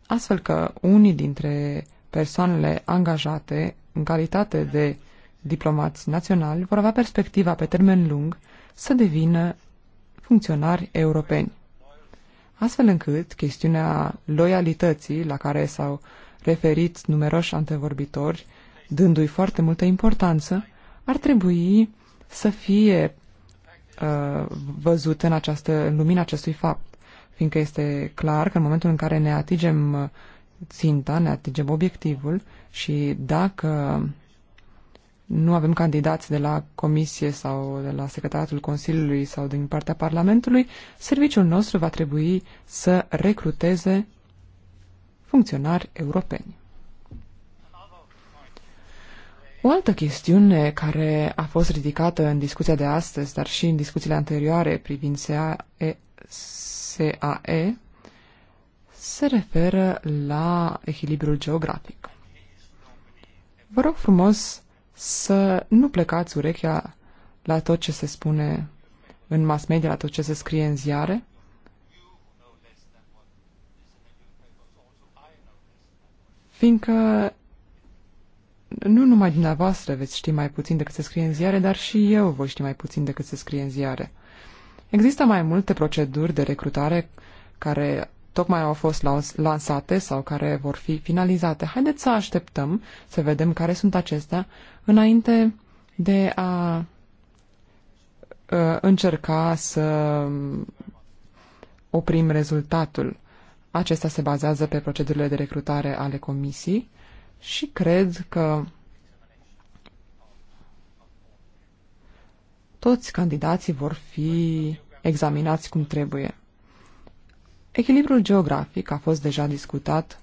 Astfel că unii dintre persoanele angajate în calitate de diplomați naționali vor avea perspectiva pe termen lung să devină funcționari europeni. Astfel încât chestiunea loialității, la care s-au referit numeroși antevorbitori, dându-i foarte multă importanță, ar trebui să fie uh, văzută în, această, în lumina acestui fapt, fiindcă este clar că în momentul în care ne atingem uh, ținta, ne atingem obiectivul și dacă nu avem candidați de la Comisie sau de la Secretariatul Consiliului sau din partea Parlamentului, serviciul nostru va trebui să recruteze funcționari europeni. O altă chestiune care a fost ridicată în discuția de astăzi, dar și în discuțiile anterioare privind SAE, se referă la echilibrul geografic. Vă rog frumos să nu plecați urechea la tot ce se spune în mass media, la tot ce se scrie în ziare. Fiindcă nu numai dumneavoastră veți ști mai puțin decât se scrie în ziare, dar și eu voi ști mai puțin decât se scrie în ziare. Există mai multe proceduri de recrutare care tocmai au fost lansate sau care vor fi finalizate. Haideți să așteptăm să vedem care sunt acestea înainte de a uh, încerca să um, oprim rezultatul. Acesta se bazează pe procedurile de recrutare ale comisii și cred că toți candidații vor fi examinați cum trebuie. Echilibrul geografic a fost deja discutat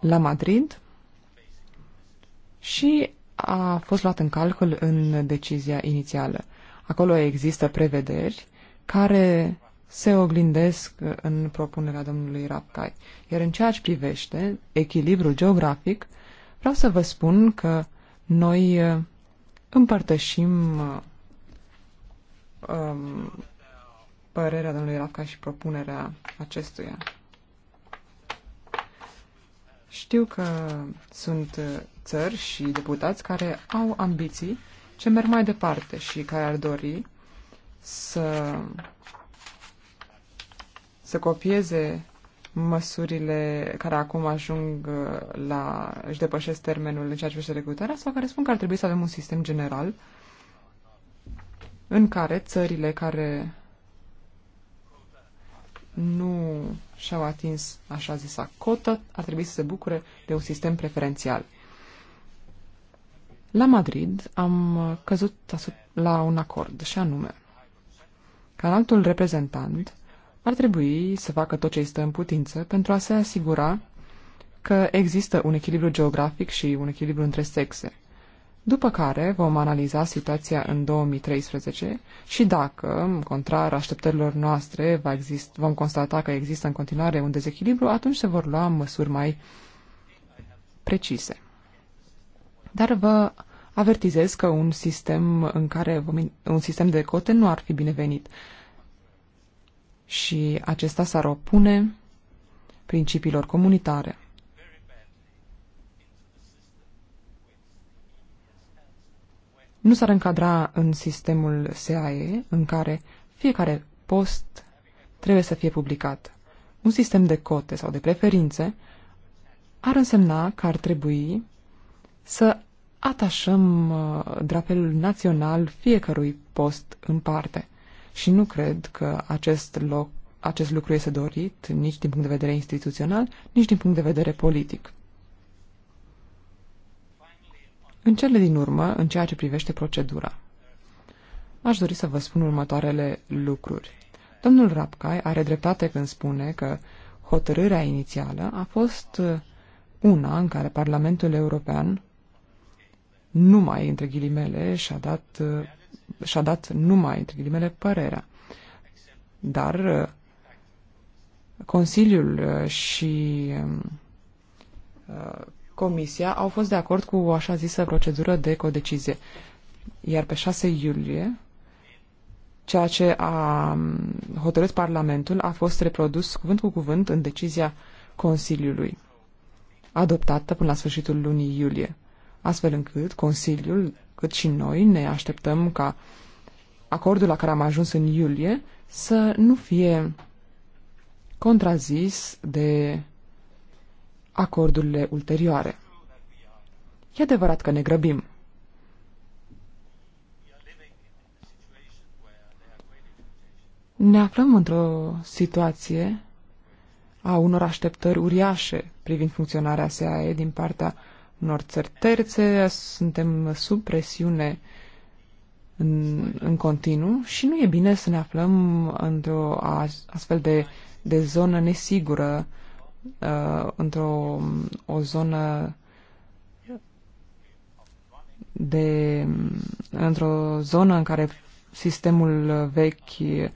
la Madrid și a fost luat în calcul în decizia inițială. Acolo există prevederi care se oglindesc în propunerea domnului Rapcai. Iar în ceea ce privește echilibrul geografic, vreau să vă spun că noi împărtășim um, părerea domnului Rafca și propunerea acestuia. Știu că sunt țări și deputați care au ambiții ce merg mai departe și care ar dori să, să copieze măsurile care acum ajung uh, la, își depășesc termenul în ceea ce privește recrutarea sau care spun că ar trebui să avem un sistem general în care țările care nu și-au atins așa zisa cotă, ar trebui să se bucure de un sistem preferențial. La Madrid am căzut la un acord, și anume, că altul reprezentant ar trebui să facă tot ce este în putință pentru a se asigura că există un echilibru geografic și un echilibru între sexe după care vom analiza situația în 2013 și dacă, contrar așteptărilor noastre, va exist, vom constata că există în continuare un dezechilibru, atunci se vor lua măsuri mai precise. Dar vă avertizez că un sistem, în care vom, un sistem de cote nu ar fi binevenit și acesta s-ar opune principiilor comunitare. nu s-ar încadra în sistemul SAE în care fiecare post trebuie să fie publicat. Un sistem de cote sau de preferințe ar însemna că ar trebui să atașăm uh, drapelul național fiecărui post în parte. Și nu cred că acest, loc, acest lucru este dorit nici din punct de vedere instituțional, nici din punct de vedere politic. În cele din urmă, în ceea ce privește procedura, aș dori să vă spun următoarele lucruri. Domnul Rapcai are dreptate când spune că hotărârea inițială a fost una în care Parlamentul European numai, între ghilimele, și-a dat, și-a dat numai, între ghilimele, părerea. Dar Consiliul și uh, Comisia au fost de acord cu o așa zisă procedură de codecizie. Iar pe 6 iulie, ceea ce a hotărât Parlamentul a fost reprodus cuvânt cu cuvânt în decizia Consiliului, adoptată până la sfârșitul lunii iulie, astfel încât Consiliul, cât și noi, ne așteptăm ca acordul la care am ajuns în iulie să nu fie contrazis de acordurile ulterioare. E adevărat că ne grăbim. Ne aflăm într-o situație a unor așteptări uriașe privind funcționarea SAE din partea unor țări terțe, suntem sub presiune în, în continuu și nu e bine să ne aflăm într-o astfel de, de zonă nesigură uh, într-o o zonă de într-o zonă în care sistemul vechi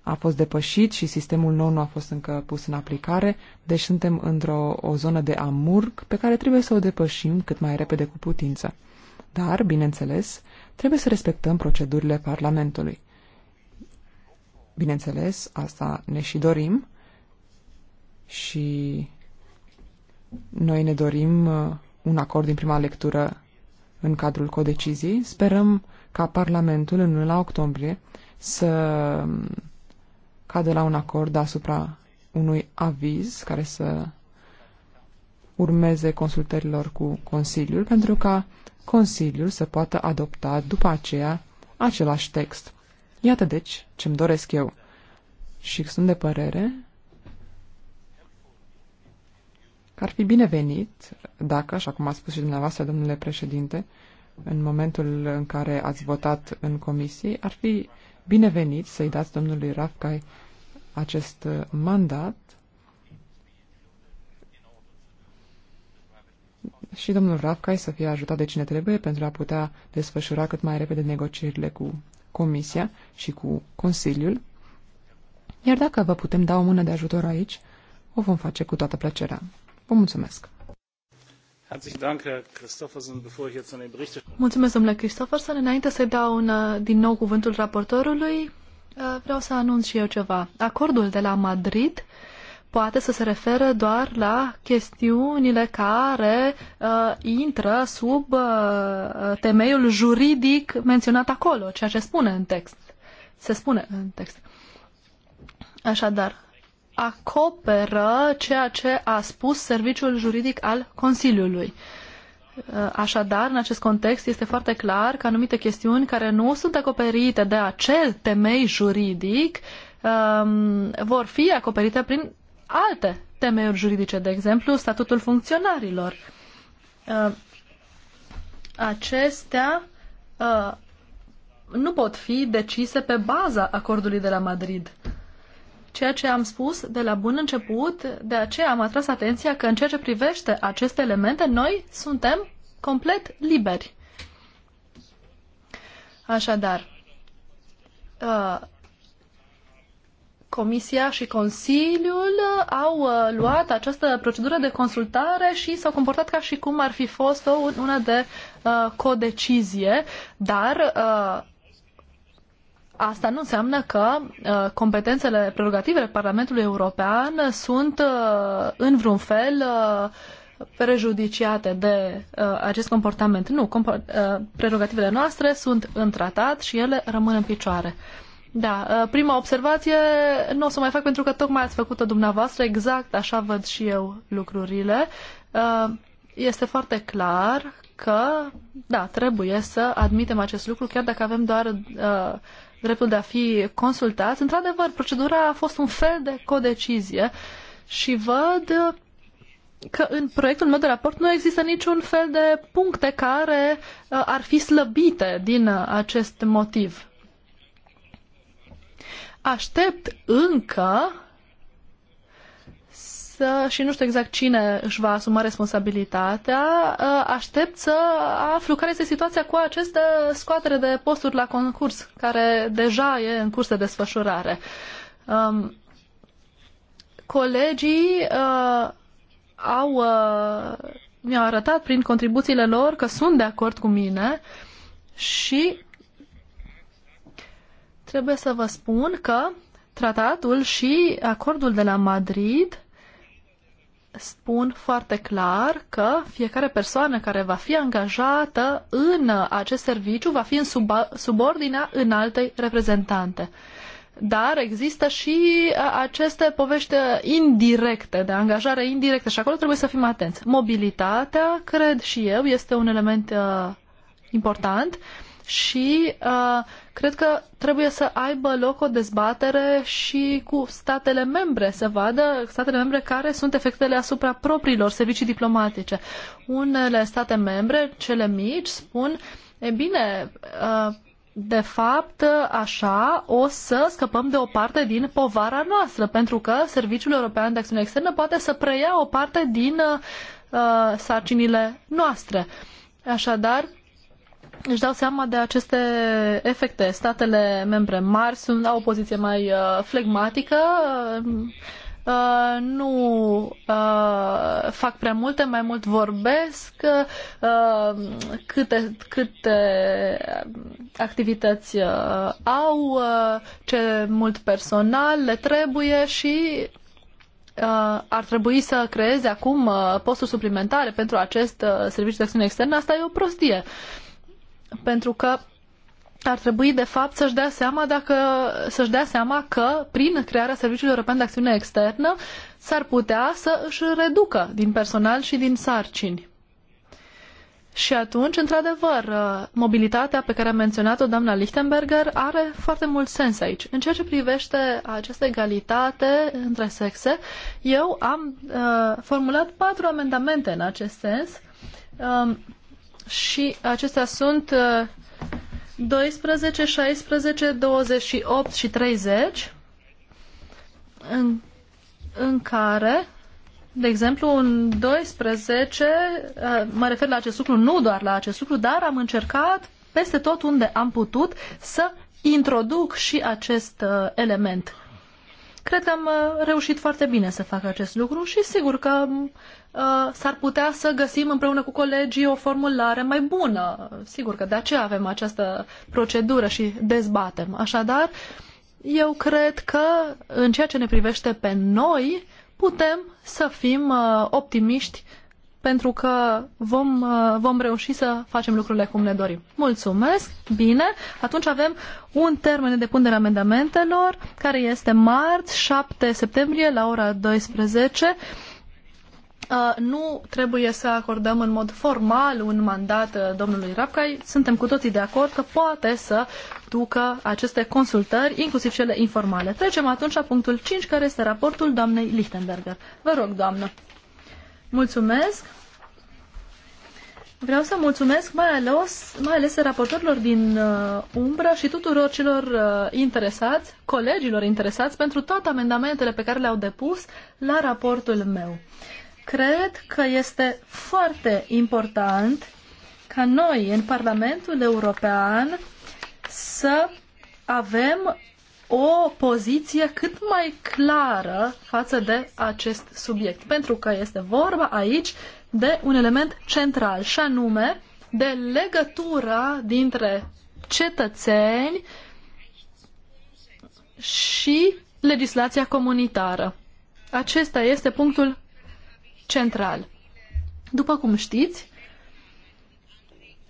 a fost depășit și sistemul nou nu a fost încă pus în aplicare, deci suntem într-o o zonă de amurg pe care trebuie să o depășim cât mai repede cu putință. Dar, bineînțeles, trebuie să respectăm procedurile Parlamentului. Bineînțeles, asta ne și dorim, și noi ne dorim uh, un acord din prima lectură în cadrul codecizii. Sperăm ca Parlamentul în luna octombrie să um, cadă la un acord asupra unui aviz care să urmeze consultărilor cu Consiliul pentru ca Consiliul să poată adopta după aceea același text. Iată deci ce-mi doresc eu și sunt de părere că ar fi binevenit dacă, așa cum a spus și dumneavoastră, domnule președinte, în momentul în care ați votat în comisie, ar fi binevenit să-i dați domnului Rafcai acest mandat și domnul Rafcai să fie ajutat de cine trebuie pentru a putea desfășura cât mai repede negocierile cu Comisia și cu Consiliul. Iar dacă vă putem da o mână de ajutor aici, o vom face cu toată plăcerea. Vă mulțumesc! Mulțumesc, domnule Christofferson. Înainte să dau un, din nou cuvântul raportorului, uh, vreau să anunț și eu ceva. Acordul de la Madrid poate să se referă doar la chestiunile care uh, intră sub uh, temeiul juridic menționat acolo, ceea ce spune în text. Se spune în text. Așadar, acoperă ceea ce a spus serviciul juridic al Consiliului. Uh, așadar, în acest context, este foarte clar că anumite chestiuni care nu sunt acoperite de acel temei juridic um, vor fi acoperite prin alte temeiuri juridice, de exemplu, statutul funcționarilor. Uh, acestea uh, nu pot fi decise pe baza acordului de la Madrid ceea ce am spus de la bun început, de aceea am atras atenția că în ceea ce privește aceste elemente, noi suntem complet liberi. Așadar, uh, Comisia și Consiliul au uh, luat această procedură de consultare și s-au comportat ca și cum ar fi fost o, una de uh, codecizie, dar uh, Asta nu înseamnă că uh, competențele, prerogativele Parlamentului European sunt uh, în vreun fel uh, prejudiciate de uh, acest comportament. Nu, compor- uh, prerogativele noastre sunt în tratat și ele rămân în picioare. Da, uh, prima observație nu o să mai fac pentru că tocmai ați făcut-o dumneavoastră, exact așa văd și eu lucrurile. Uh, este foarte clar că, da, trebuie să admitem acest lucru, chiar dacă avem doar uh, dreptul de a fi consultați. Într-adevăr, procedura a fost un fel de codecizie și văd că în proiectul meu de raport nu există niciun fel de puncte care uh, ar fi slăbite din uh, acest motiv. Aștept încă să, și nu știu exact cine își va asuma responsabilitatea, uh, aștept să aflu care este situația cu această scoatere de posturi la concurs, care deja e în curs de desfășurare. Um, colegii uh, au, uh, mi-au arătat prin contribuțiile lor că sunt de acord cu mine și trebuie să vă spun că tratatul și acordul de la Madrid spun foarte clar că fiecare persoană care va fi angajată în acest serviciu va fi în sub, subordinea în altei reprezentante. Dar există și aceste povești indirecte, de angajare indirectă și acolo trebuie să fim atenți. Mobilitatea, cred și eu, este un element uh, important și uh, Cred că trebuie să aibă loc o dezbatere și cu statele membre, să vadă statele membre care sunt efectele asupra propriilor servicii diplomatice. Unele state membre, cele mici, spun, e bine, ă, de fapt, așa o să scăpăm de o parte din povara noastră, pentru că Serviciul European de Acțiune Externă poate să preia o parte din uh, sarcinile noastre. Așadar, își dau seama de aceste efecte. Statele membre mari sunt, au o poziție mai uh, flegmatică, uh, nu uh, fac prea multe, mai mult vorbesc, uh, câte, câte activități uh, au, uh, ce mult personal le trebuie și uh, ar trebui să creeze acum uh, posturi suplimentare pentru acest uh, serviciu de acțiune externă, asta e o prostie. Uh, pentru că ar trebui, de fapt, să-și dea seama, dacă, să-și dea seama că, prin crearea Serviciului European de Acțiune Externă, s-ar putea să își reducă din personal și din sarcini. Și atunci, într-adevăr, mobilitatea pe care a menționat-o doamna Lichtenberger are foarte mult sens aici. În ceea ce privește această egalitate între sexe, eu am uh, formulat patru amendamente în acest sens. Um, și acestea sunt 12, 16, 28 și 30 în, în care de exemplu, în 12, uh, mă refer la acest lucru, nu doar la acest lucru, dar am încercat peste tot unde am putut să introduc și acest uh, element. Cred că am uh, reușit foarte bine să fac acest lucru și sigur că Uh, s-ar putea să găsim împreună cu colegii o formulare mai bună. Sigur că de aceea avem această procedură și dezbatem. Așadar, eu cred că în ceea ce ne privește pe noi, putem să fim uh, optimiști pentru că vom, uh, vom reuși să facem lucrurile cum ne dorim. Mulțumesc! Bine! Atunci avem un termen de depunere amendamentelor, care este marți, 7 septembrie, la ora 12. Uh, nu trebuie să acordăm în mod formal un mandat uh, domnului Rapcai. Suntem cu toții de acord că poate să ducă aceste consultări, inclusiv cele informale. Trecem atunci la punctul 5, care este raportul doamnei Lichtenberger. Vă rog, doamnă. Mulțumesc. Vreau să mulțumesc mai ales, mai ales raportorilor din uh, umbră și tuturor celor uh, interesați, colegilor interesați, pentru toate amendamentele pe care le-au depus la raportul meu. Uh, Cred că este foarte important ca noi în Parlamentul European să avem o poziție cât mai clară față de acest subiect. Pentru că este vorba aici de un element central, și anume de legătura dintre cetățeni și legislația comunitară. Acesta este punctul central. După cum știți,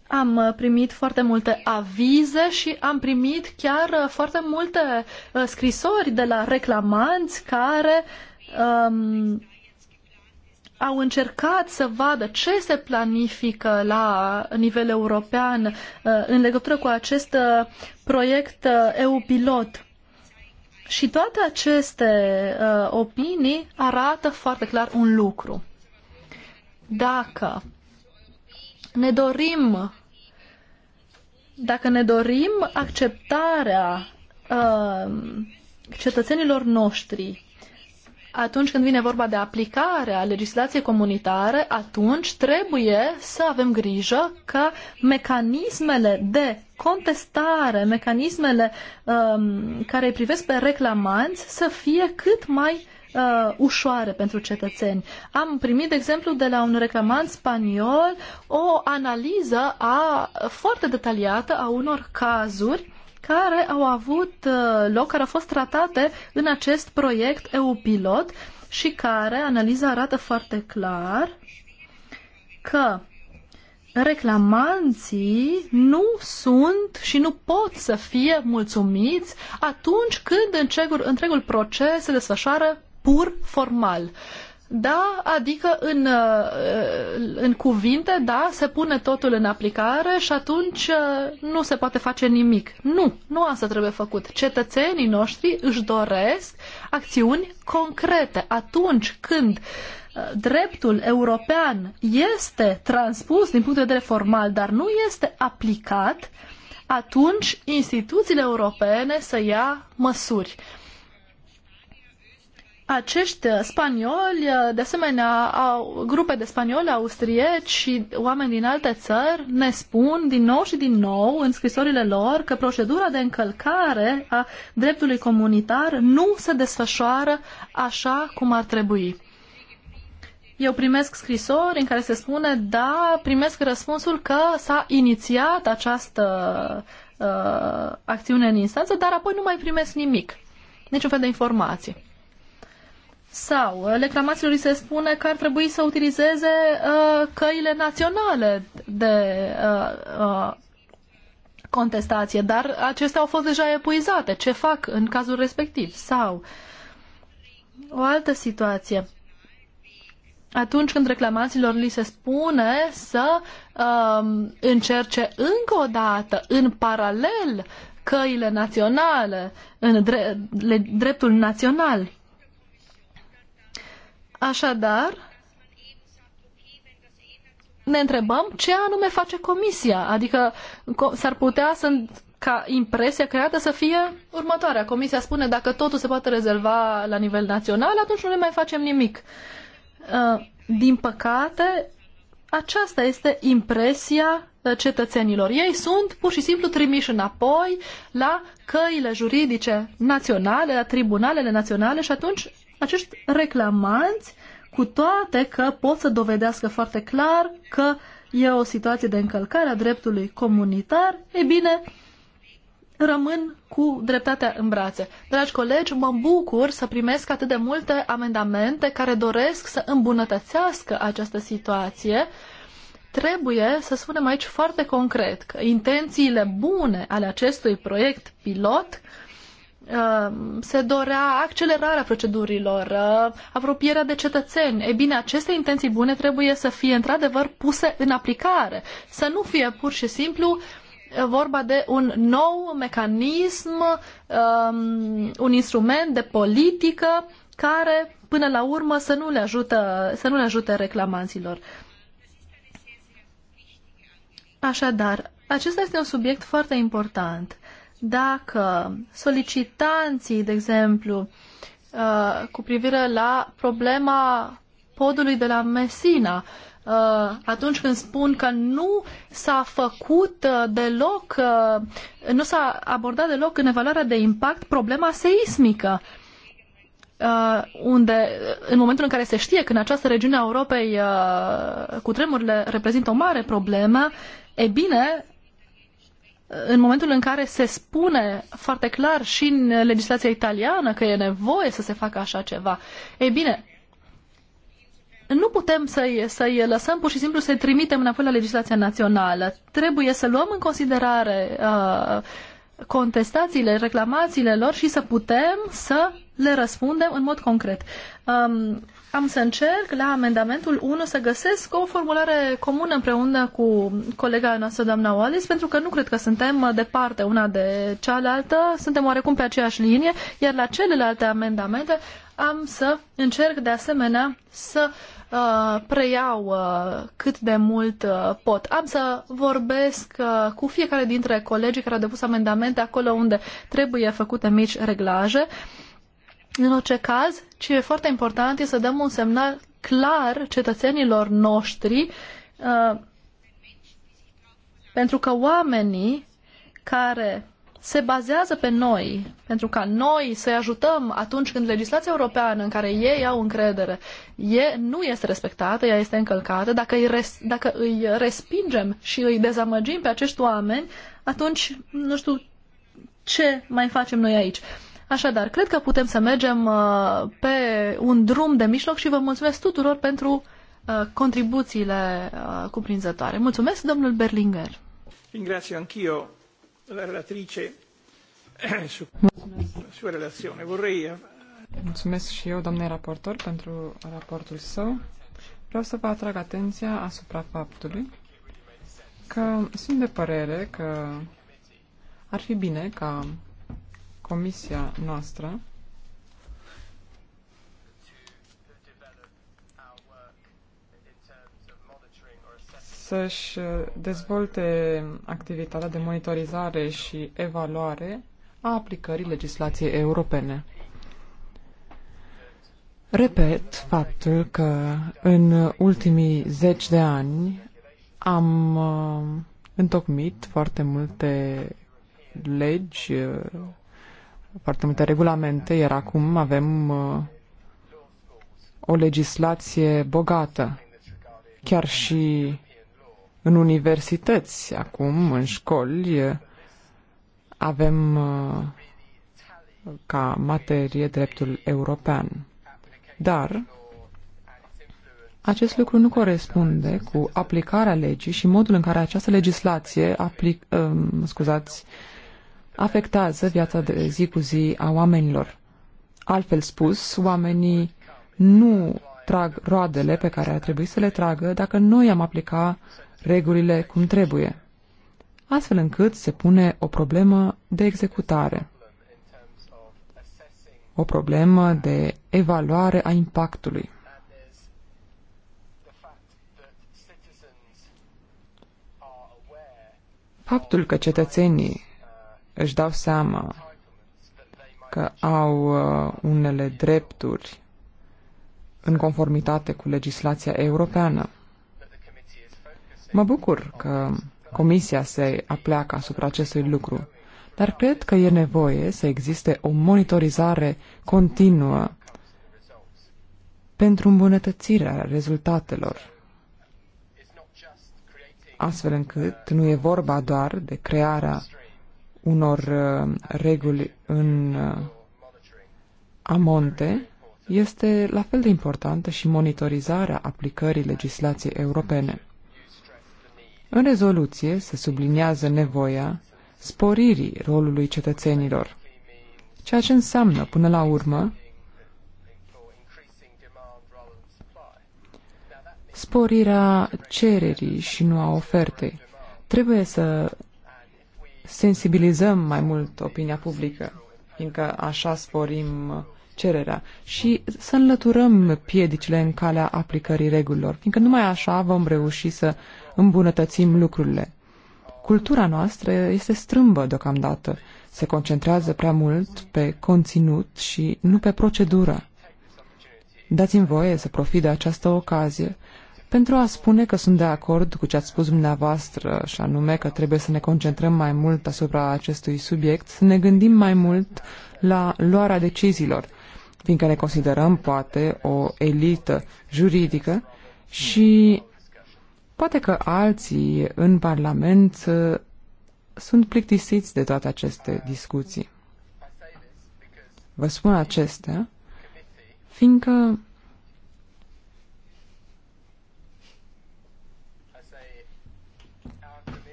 am primit foarte multe avize și am primit chiar foarte multe uh, scrisori de la reclamanți care um, au încercat să vadă ce se planifică la nivel european uh, în legătură cu acest uh, proiect EU pilot. Și toate aceste uh, opinii arată foarte clar un lucru. Dacă ne dorim dacă ne dorim acceptarea uh, cetățenilor noștri atunci când vine vorba de aplicarea legislației comunitare, atunci trebuie să avem grijă că mecanismele de contestare, mecanismele um, care îi privesc pe reclamanți să fie cât mai uh, ușoare pentru cetățeni. Am primit, de exemplu, de la un reclamant spaniol o analiză a, foarte detaliată a unor cazuri care au avut uh, loc, care au fost tratate în acest proiect EU-pilot și care, analiza arată foarte clar că reclamanții nu sunt și nu pot să fie mulțumiți atunci când întregul, întregul proces se desfășoară pur formal. Da, adică în, uh, în cuvinte, da, se pune totul în aplicare și atunci uh, nu se poate face nimic. Nu, nu asta trebuie făcut. Cetățenii noștri își doresc acțiuni concrete. Atunci când uh, dreptul european este transpus din punct de vedere formal, dar nu este aplicat, atunci instituțiile europene să ia măsuri acești uh, spanioli, uh, de asemenea, au, grupe de spanioli, austrieci și oameni din alte țări ne spun din nou și din nou în scrisorile lor că procedura de încălcare a dreptului comunitar nu se desfășoară așa cum ar trebui. Eu primesc scrisori în care se spune, da, primesc răspunsul că s-a inițiat această uh, acțiune în instanță, dar apoi nu mai primesc nimic, niciun fel de informație. Sau uh, reclamațiilor se spune că ar trebui să utilizeze uh, căile naționale de uh, uh, contestație, dar acestea au fost deja epuizate. Ce fac în cazul respectiv? Sau o altă situație. Atunci când reclamațiilor li se spune să um, încerce încă o dată, în paralel, căile naționale, în dre- dreptul național, Așadar, ne întrebăm ce anume face comisia. Adică s-ar putea să, ca impresia creată să fie următoarea. Comisia spune dacă totul se poate rezolva la nivel național, atunci nu ne mai facem nimic. Uh, din păcate, aceasta este impresia uh, cetățenilor. Ei sunt pur și simplu trimiși înapoi la căile juridice naționale, la tribunalele naționale și atunci acești reclamanți, cu toate că pot să dovedească foarte clar că e o situație de încălcare a dreptului comunitar, e bine, rămân cu dreptatea în brațe. Dragi colegi, mă bucur să primesc atât de multe amendamente care doresc să îmbunătățească această situație. Trebuie să spunem aici foarte concret că intențiile bune ale acestui proiect pilot Uh, se dorea accelerarea procedurilor, uh, apropierea de cetățeni. E bine, aceste intenții bune trebuie să fie într-adevăr puse în aplicare, să nu fie pur și simplu uh, vorba de un nou mecanism, um, un instrument de politică care până la urmă să nu le, ajută, să nu le ajute reclamanților. Așadar, acesta este un subiect foarte important dacă solicitanții, de exemplu, uh, cu privire la problema podului de la Messina, uh, atunci când spun că nu s-a făcut uh, deloc, nu s-a abordat deloc în evaluarea de impact problema seismică unde în momentul în care se știe că în această regiune a Europei uh, tremurile reprezintă o mare problemă, e bine, în momentul în care se spune foarte clar și în legislația italiană că e nevoie să se facă așa ceva, ei bine, nu putem să-i, să lăsăm pur și simplu să-i trimitem înapoi la legislația națională. Trebuie să luăm în considerare uh, contestațiile, reclamațiile lor și să putem să le răspundem în mod concret. Um, am să încerc la amendamentul 1 să găsesc o formulare comună împreună cu colega noastră, doamna Wallis, pentru că nu cred că suntem departe una de cealaltă, suntem oarecum pe aceeași linie, iar la celelalte amendamente am să încerc de asemenea să uh, preiau uh, cât de mult uh, pot. Am să vorbesc uh, cu fiecare dintre colegii care au depus amendamente acolo unde trebuie făcute mici reglaje. Uh, în orice caz, ce e foarte important este să dăm un semnal clar cetățenilor noștri uh, pentru că oamenii care se bazează pe noi, pentru ca noi să-i ajutăm atunci când legislația europeană în care ei au încredere e, nu este respectată, ea este încălcată, dacă îi, res, dacă îi respingem și îi dezamăgim pe acești oameni, atunci nu știu ce mai facem noi aici. Uh, Așadar, cred că putem să mergem uh, pe un drum de mijloc și vă mulțumesc tuturor pentru uh, contribuțiile uh, cuprinzătoare. Mulțumesc, domnul Berlinger. Ringrazio anch'io la relatrice eh, su, su relazione. Vorrei... Eh, mulțumesc și eu, domnule raportor, pentru raportul său. Vreau să vă atrag atenția asupra faptului că sunt de părere că ar fi bine ca comisia noastră să-și dezvolte activitatea de monitorizare și evaluare a aplicării legislației europene. Repet faptul că în ultimii zeci de ani am uh, întocmit foarte multe legi uh, foarte multe regulamente, iar acum avem uh, o legislație bogată. Chiar și în universități, acum, în școli, avem uh, ca materie dreptul european. Dar acest lucru nu corespunde cu aplicarea legii și modul în care această legislație aplic, uh, scuzați, uh, afectează viața de zi cu zi a oamenilor. Altfel spus, oamenii nu trag roadele pe care ar trebui să le tragă dacă noi am aplica regulile cum trebuie. Astfel încât se pune o problemă de executare, o problemă de evaluare a impactului. Faptul că cetățenii își dau seama că au uh, unele drepturi în conformitate cu legislația europeană. Mă bucur că Comisia se apleacă asupra acestui lucru, dar cred că e nevoie să existe o monitorizare continuă pentru îmbunătățirea rezultatelor, astfel încât nu e vorba doar de crearea unor uh, reguli în uh, amonte este la fel de importantă și monitorizarea aplicării legislației europene. În rezoluție se subliniază nevoia sporirii rolului cetățenilor, ceea ce înseamnă, până la urmă, sporirea cererii și nu a ofertei. Trebuie să sensibilizăm mai mult opinia publică, fiindcă așa sporim cererea și să înlăturăm piedicile în calea aplicării regulilor, fiindcă numai așa vom reuși să îmbunătățim lucrurile. Cultura noastră este strâmbă deocamdată, se concentrează prea mult pe conținut și nu pe procedură. Dați-mi voie să profit de această ocazie pentru a spune că sunt de acord cu ce ați spus dumneavoastră, și anume că trebuie să ne concentrăm mai mult asupra acestui subiect, să ne gândim mai mult la luarea deciziilor, fiindcă ne considerăm poate o elită juridică și poate că alții în Parlament uh, sunt plictisiți de toate aceste discuții. Vă spun acestea, fiindcă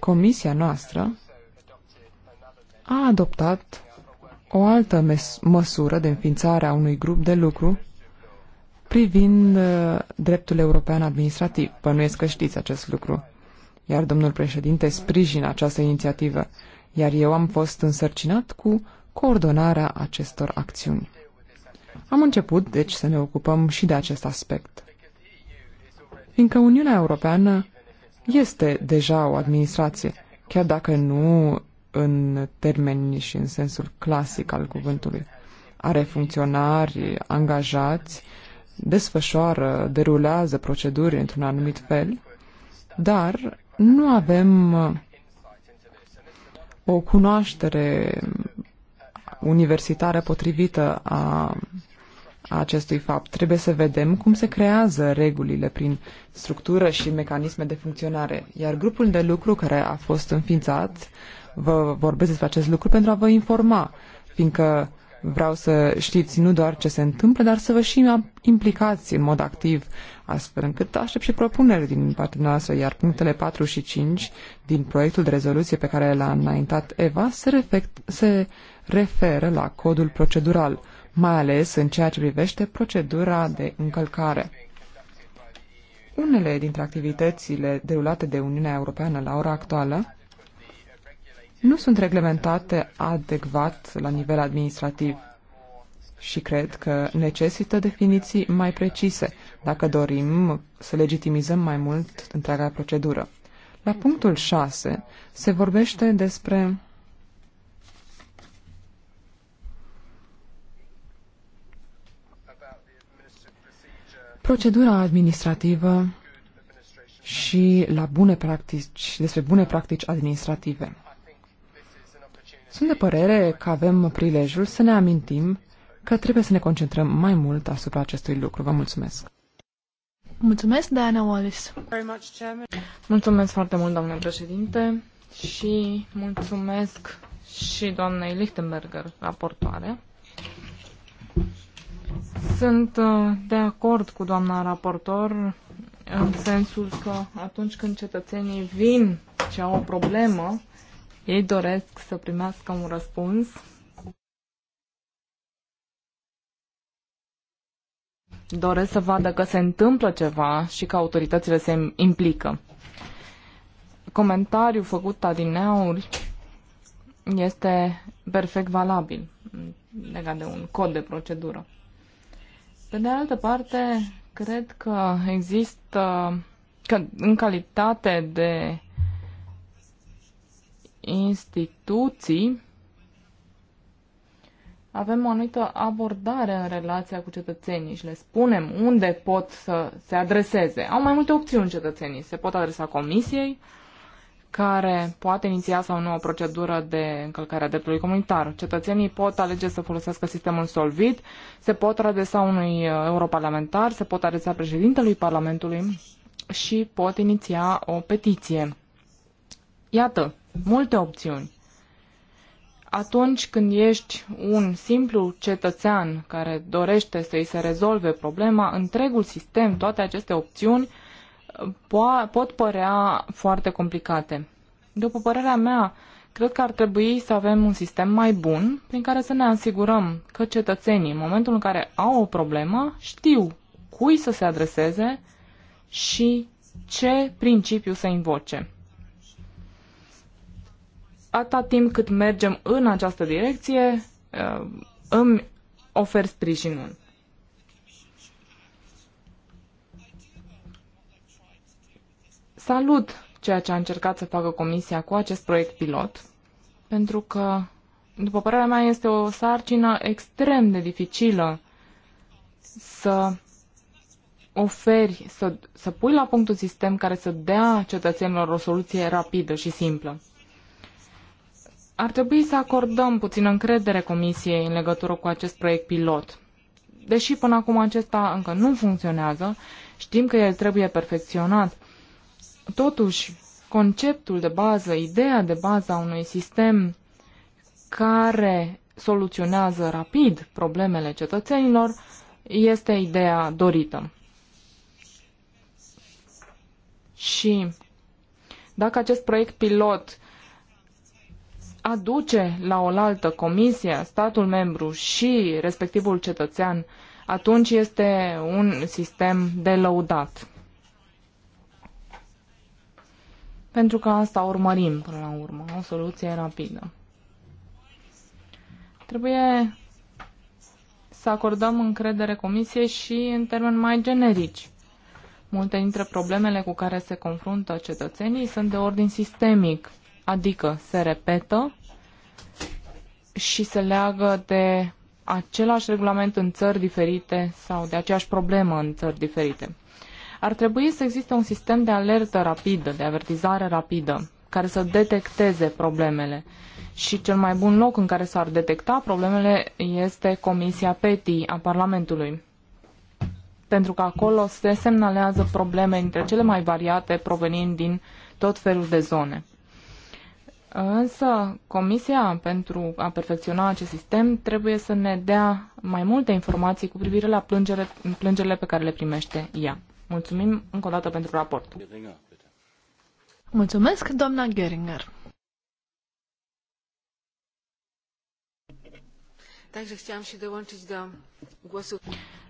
comisia noastră a adoptat o altă măsură de înființare a unui grup de lucru privind uh, dreptul european administrativ. Bănuiesc că știți acest lucru. Iar domnul președinte sprijină această inițiativă, iar eu am fost însărcinat cu coordonarea acestor acțiuni. Am început, deci, să ne ocupăm și de acest aspect. Fiindcă Uniunea Europeană este deja o administrație, chiar dacă nu în termeni și în sensul clasic al cuvântului. Are funcționari angajați, desfășoară, derulează proceduri într-un anumit fel, dar nu avem uh, o cunoaștere universitară potrivită a acestui fapt. Trebuie să vedem cum se creează regulile prin structură și mecanisme de funcționare. Iar grupul de lucru care a fost înființat, vă vorbesc despre acest lucru pentru a vă informa, fiindcă vreau să știți nu doar ce se întâmplă, dar să vă și implicați în mod activ, astfel încât aștept și propuneri din partea noastră, iar punctele 4 și 5 din proiectul de rezoluție pe care l-a înaintat Eva se, refect, se referă la codul procedural mai ales în ceea ce privește procedura de încălcare. Unele dintre activitățile derulate de Uniunea Europeană la ora actuală nu sunt reglementate adecvat la nivel administrativ și cred că necesită definiții mai precise dacă dorim să legitimizăm mai mult întreaga procedură. La punctul 6 se vorbește despre procedura administrativă și la bune practici, despre bune practici administrative. Sunt de părere că avem prilejul să ne amintim că trebuie să ne concentrăm mai mult asupra acestui lucru. Vă mulțumesc! Mulțumesc, Diana Wallace! Mulțumesc foarte mult, doamne președinte, și mulțumesc și doamnei Lichtenberger, raportoare. Sunt uh, de acord cu doamna raportor în sensul că atunci când cetățenii vin și au o problemă, ei doresc să primească un răspuns. Doresc să vadă că se întâmplă ceva și că autoritățile se implică. Comentariul făcut adineauri este perfect valabil legat de un cod de procedură. Pe de altă parte, cred că există, că în calitate de instituții, avem o anumită abordare în relația cu cetățenii și le spunem unde pot să se adreseze. Au mai multe opțiuni cetățenii. Se pot adresa comisiei, care poate iniția sau nu o procedură de încălcare a dreptului comunitar. Cetățenii pot alege să folosească sistemul Solvit, se pot adresa unui uh, europarlamentar, se pot adresa președintelui Parlamentului și pot iniția o petiție. Iată, multe opțiuni. Atunci când ești un simplu cetățean care dorește să i se rezolve problema, întregul sistem, toate aceste opțiuni, pot părea foarte complicate. După părerea mea, cred că ar trebui să avem un sistem mai bun prin care să ne asigurăm că cetățenii, în momentul în care au o problemă, știu cui să se adreseze și ce principiu să invoce. Atâta timp cât mergem în această direcție, uh, îmi ofer sprijinul. Salut ceea ce a încercat să facă Comisia cu acest proiect pilot, pentru că, după părerea mea, este o sarcină extrem de dificilă să oferi, să, să pui la punct un sistem care să dea cetățenilor o soluție rapidă și simplă. Ar trebui să acordăm puțină încredere Comisiei în legătură cu acest proiect pilot. Deși până acum acesta încă nu funcționează, știm că el trebuie perfecționat, Totuși, conceptul de bază, ideea de bază a unui sistem care soluționează rapid problemele cetățenilor este ideea dorită. Și dacă acest proiect pilot aduce la oaltă comisia, statul membru și respectivul cetățean, atunci este un sistem de lăudat. pentru că asta urmărim până la urmă, o soluție rapidă. Trebuie să acordăm încredere comisiei și în termeni mai generici. Multe dintre problemele cu care se confruntă cetățenii sunt de ordin sistemic, adică se repetă și se leagă de același regulament în țări diferite sau de aceeași problemă în țări diferite. Ar trebui să existe un sistem de alertă rapidă, de avertizare rapidă, care să detecteze problemele. Și cel mai bun loc în care s-ar detecta problemele este Comisia PETI a Parlamentului. Pentru că acolo se semnalează probleme dintre cele mai variate provenind din tot felul de zone. Însă, Comisia, pentru a perfecționa acest sistem, trebuie să ne dea mai multe informații cu privire la plângerile pe care le primește ea. Mulțumim încă o dată pentru raport. Mulțumesc, doamna Geringer.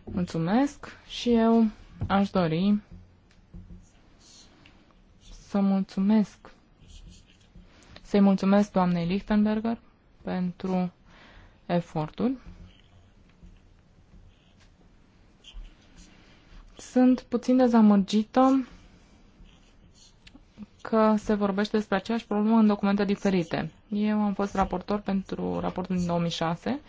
Mulțumesc și eu aș dori să mulțumesc să-i mulțumesc doamnei Lichtenberger pentru efortul Sunt puțin dezamăgită că se vorbește despre aceeași problemă în documente diferite. Eu am fost raportor pentru raportul din 2006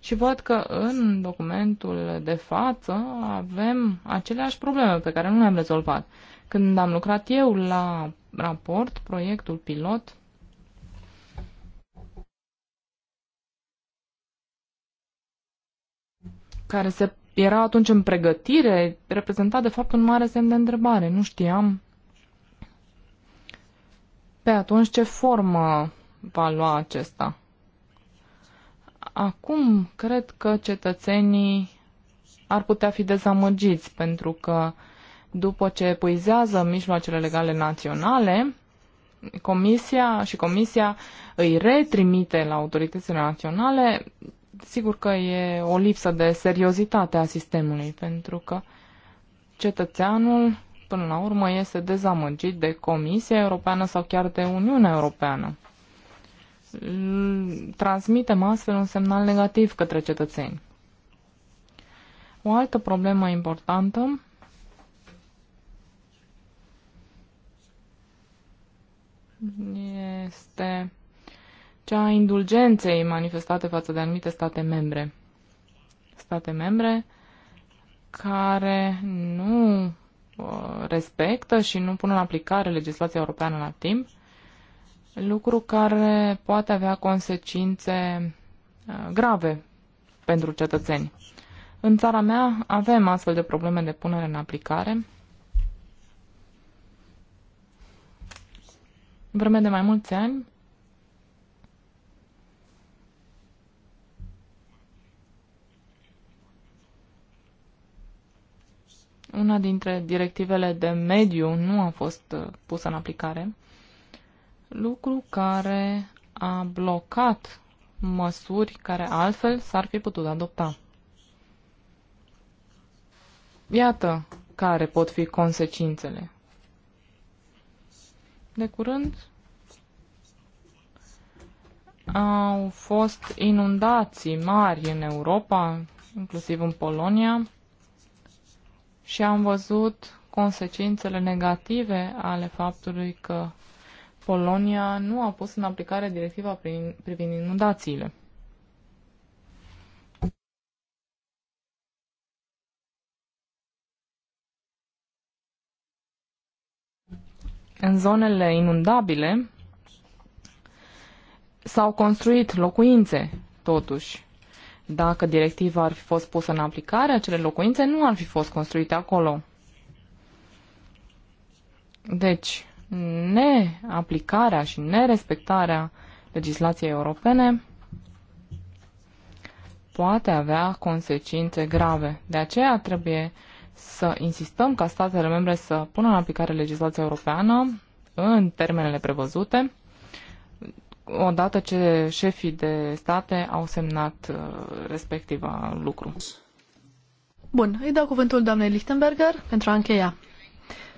și văd că în documentul de față avem aceleași probleme pe care nu le-am rezolvat. Când am lucrat eu la raport, proiectul pilot, care se era atunci în pregătire reprezenta de fapt un mare semn de întrebare. Nu știam pe atunci ce formă va lua acesta. Acum cred că cetățenii ar putea fi dezamăgiți pentru că după ce epuizează mijloacele legale naționale, comisia și comisia îi retrimite la autoritățile naționale sigur că e o lipsă de seriozitate a sistemului, pentru că cetățeanul, până la urmă, este dezamăgit de Comisia Europeană sau chiar de Uniunea Europeană. Transmitem astfel un semnal negativ către cetățeni. O altă problemă importantă este cea a indulgenței manifestate față de anumite state membre. State membre care nu uh, respectă și nu pun în aplicare legislația europeană la timp, lucru care poate avea consecințe uh, grave pentru cetățeni. În țara mea avem astfel de probleme de punere în aplicare. Vreme de mai mulți ani, una dintre directivele de mediu nu a fost uh, pusă în aplicare, lucru care a blocat măsuri care altfel s-ar fi putut adopta. Iată care pot fi consecințele. De curând au fost inundații mari în Europa, inclusiv în Polonia, și am văzut consecințele negative ale faptului că Polonia nu a pus în aplicare directiva privind inundațiile. În zonele inundabile s-au construit locuințe, totuși, dacă directiva ar fi fost pusă în aplicare, acele locuințe nu ar fi fost construite acolo. Deci, neaplicarea și nerespectarea legislației europene poate avea consecințe grave. De aceea trebuie să insistăm ca statele membre să pună în aplicare legislația europeană în termenele prevăzute odată ce șefii de state au semnat uh, respectiva lucru. Bun, îi dau cuvântul doamnei Lichtenberger pentru a încheia.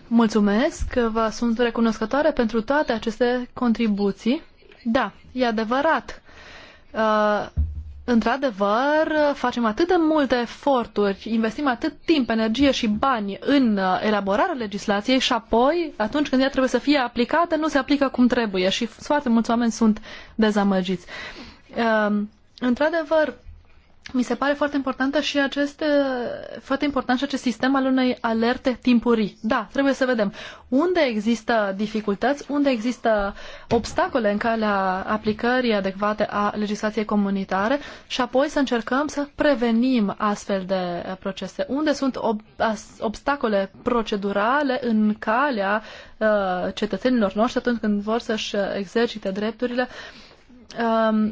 Mulțumesc, vă sunt recunoscătoare pentru toate aceste contribuții. Da, e adevărat. Uh, într-adevăr, facem atât de multe eforturi, investim atât timp, energie și bani în uh, elaborarea legislației și apoi, atunci când ea trebuie să fie aplicată, nu se aplică cum trebuie și foarte mulți oameni sunt dezamăgiți. Um, într-adevăr, mi se pare foarte importantă și acest, foarte important și acest sistem al unei alerte timpurii. Da, trebuie să vedem unde există dificultăți, unde există obstacole în calea aplicării adecvate a legislației comunitare și apoi să încercăm să prevenim astfel de procese. Unde sunt ob- obstacole procedurale în calea uh, cetățenilor noștri atunci când vor să-și exercite drepturile. Uh,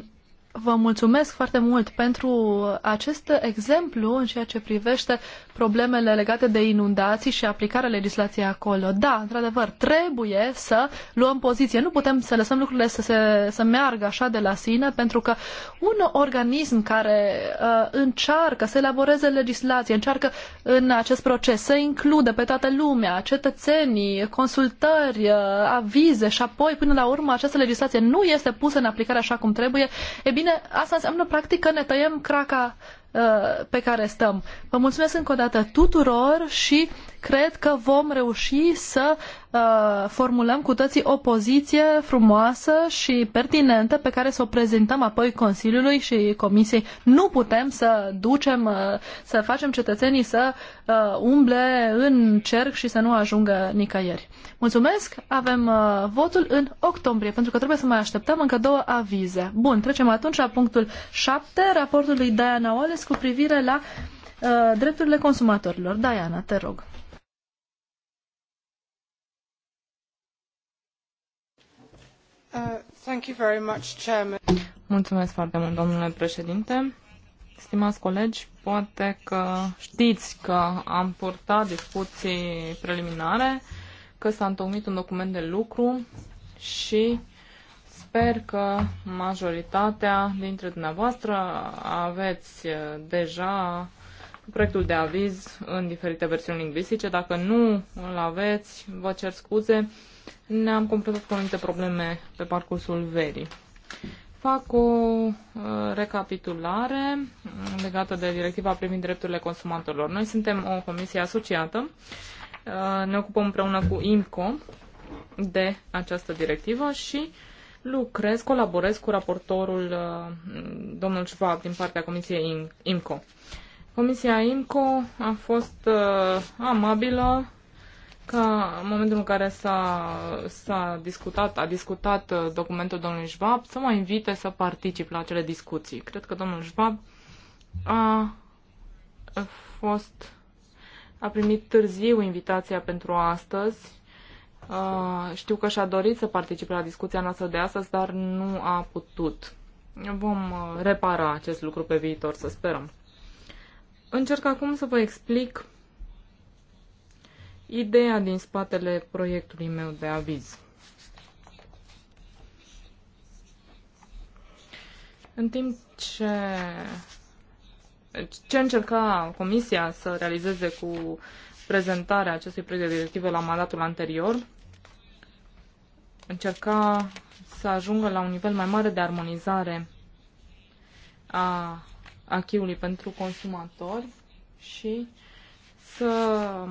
vă mulțumesc foarte mult pentru acest exemplu în ceea ce privește problemele legate de inundații și aplicarea legislației acolo. Da, într-adevăr, trebuie să luăm poziție. Nu putem să lăsăm lucrurile să, se, să meargă așa de la sine, pentru că un organism care uh, încearcă să elaboreze legislație, încearcă în acest proces să includă pe toată lumea, cetățenii, consultări, uh, avize și apoi, până la urmă, această legislație nu este pusă în aplicare așa cum trebuie, e bine, asta înseamnă practic că ne tăiem craca Uh, pe care stăm. Vă mulțumesc încă o dată tuturor și cred că vom reuși să uh, formulăm cu toții o poziție frumoasă și pertinentă pe care să o prezentăm apoi Consiliului și Comisiei. Nu putem să ducem, uh, să facem cetățenii să uh, umble în cerc și să nu ajungă nicăieri. Mulțumesc, avem uh, votul în octombrie, pentru că trebuie să mai așteptăm încă două avize. Bun, trecem atunci la punctul 7, raportul lui Diana Oles cu privire la uh, drepturile consumatorilor. Diana, te rog. Uh, Mulțumesc foarte mult, domnule președinte. colegi, poate că știți că am purtat discuții preliminare, că s-a întocmit un document de lucru și sper că majoritatea dintre dumneavoastră aveți deja proiectul de aviz în diferite versiuni lingvistice. Dacă nu îl avei vă cer scuze. Uh, ne-am completat cu anumite probleme pe parcursul verii. Fac o uh, recapitulare uh, legată de directiva privind drepturile consumatorilor. Noi suntem o comisie asociată, uh, ne ocupăm împreună cu IMCO de această directivă și lucrez, colaborez cu raportorul domnul Șvab din partea comisiei IMCO. Comisia IMCO a fost amabilă că în momentul în care s-a, s-a discutat, a discutat uh, documentul domnului Schwab, să mă invite să particip la acele discuții. Cred că domnul Schwab a fost a primit târziu invitația pentru astăzi. A, uh, știu că și-a dorit să participe la discuția noastră de astăzi, dar nu a putut. Vom uh, repara acest lucru pe viitor, să sperăm. Încerc acum să vă explic ideea din spatele proiectului meu de aviz. În timp ce ce încerca Comisia să realizeze cu prezentarea acestui proiect de directivă la mandatul anterior, încerca să ajungă la un nivel mai mare de armonizare a achiului pentru consumatori și uh, să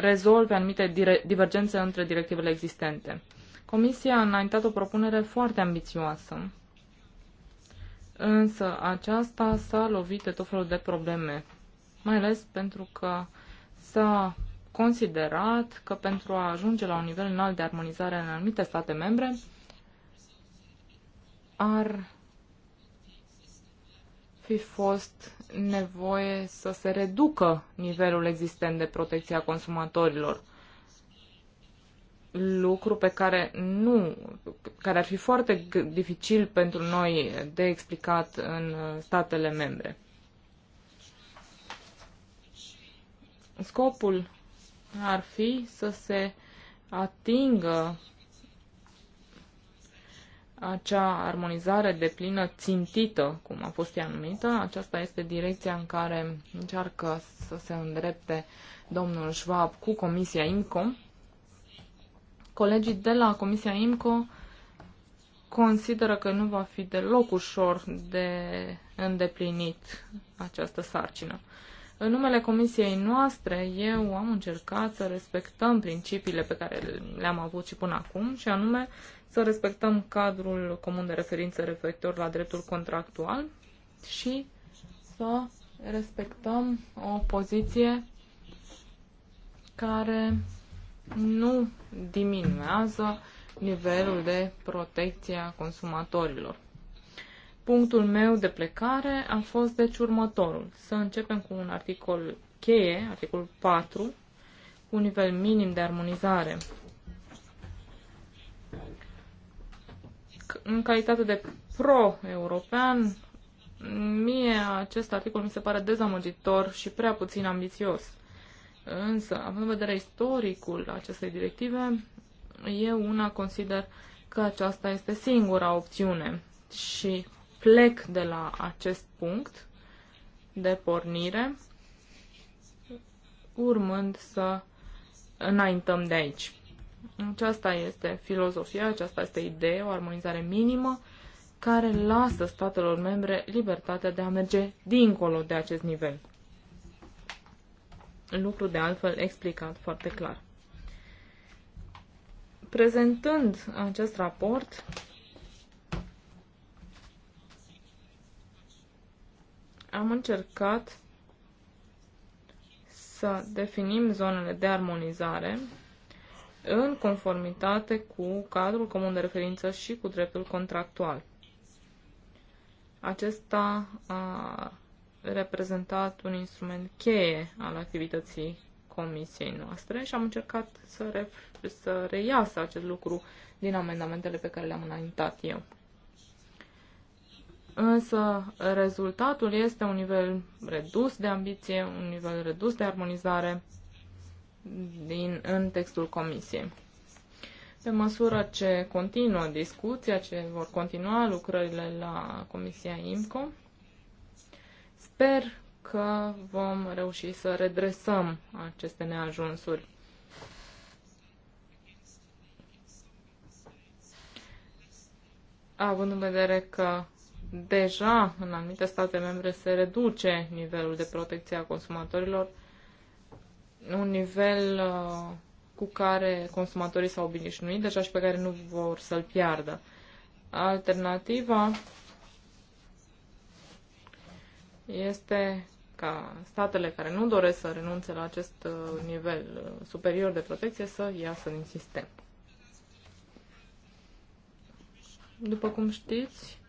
rezolve anumite divergențe între directivele existente. Comisia a înaintat o propunere foarte ambițioasă, însă aceasta s-a lovit de tot felul de probleme, mai ales pentru că s-a considerat că pentru a ajunge la un nivel înalt de armonizare în anumite state membre, ar fi fost nevoie să se reducă nivelul existent de protecție a consumatorilor. Lucru pe care nu, care ar fi foarte dificil pentru noi de explicat în uh, statele membre. Scopul ar fi să se atingă acea armonizare de plină țintită, cum a fost ea numită, aceasta este direcția în care încearcă să se îndrepte domnul Schwab cu Comisia IMCO. Colegii de la Comisia IMCO consideră că nu va fi deloc ușor de îndeplinit această sarcină. În numele comisiei noastre, eu am încercat să respectăm principiile pe care le-am avut și până acum, și anume să respectăm cadrul comun de referință referitor la dreptul contractual și să respectăm o poziție care nu diminuează nivelul de protecție a consumatorilor. Punctul meu de plecare a fost deci următorul. Să începem cu un articol cheie, articolul 4, cu un nivel minim de armonizare. În calitate de pro-european, mie acest articol mi se pare dezamăgitor și prea puțin ambițios. Însă, având în vedere istoricul acestei directive, eu una consider că aceasta este singura opțiune și plec de la acest punct de pornire, urmând să înaintăm de aici. Aceasta este filozofia, aceasta este idee, o armonizare minimă care lasă statelor membre libertatea de a merge dincolo de acest nivel. Lucru de altfel explicat foarte clar. Prezentând acest raport, am încercat să definim zonele de armonizare în conformitate cu cadrul comun de referință și cu dreptul contractual. Acesta a reprezentat un instrument cheie al activității comisiei noastre și am încercat să, re- să reiasă acest lucru din amendamentele pe care le-am înaintat eu însă rezultatul este un nivel redus de ambiție, un nivel redus de armonizare din, în textul comisiei. Pe măsură ce continuă discuția, ce vor continua lucrările la Comisia IMCO, sper că vom reuși să redresăm aceste neajunsuri. Având în vedere că deja în anumite state membre se reduce nivelul de protecție a consumatorilor, un nivel uh, cu care consumatorii s-au obișnuit deja și pe care nu vor să-l piardă. Alternativa este ca statele care nu doresc să renunțe la acest uh, nivel uh, superior de protecție să iasă din sistem. După cum știți,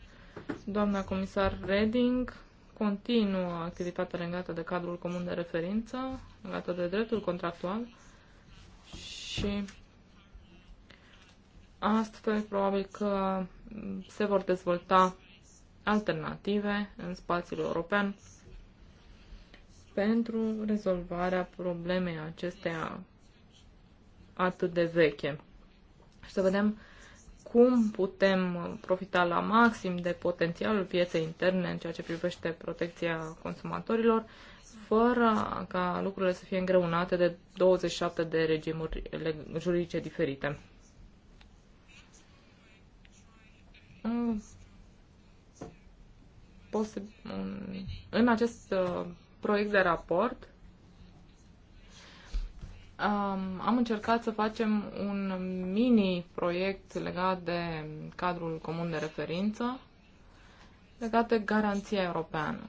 Doamna comisar Reding continuă activitatea legată de cadrul comun de referință, legată de dreptul contractual și astfel probabil că se vor dezvolta alternative în spațiul european pentru rezolvarea problemei acesteia atât de veche. Și să vedem cum putem profita la maxim de potențialul pieței interne în ceea ce privește protecția consumatorilor, fără ca lucrurile să fie îngreunate de 27 de regimuri juridice diferite. În acest uh, proiect de raport Um, am încercat să facem un mini-proiect legat de cadrul comun de referință, legat de garanția europeană.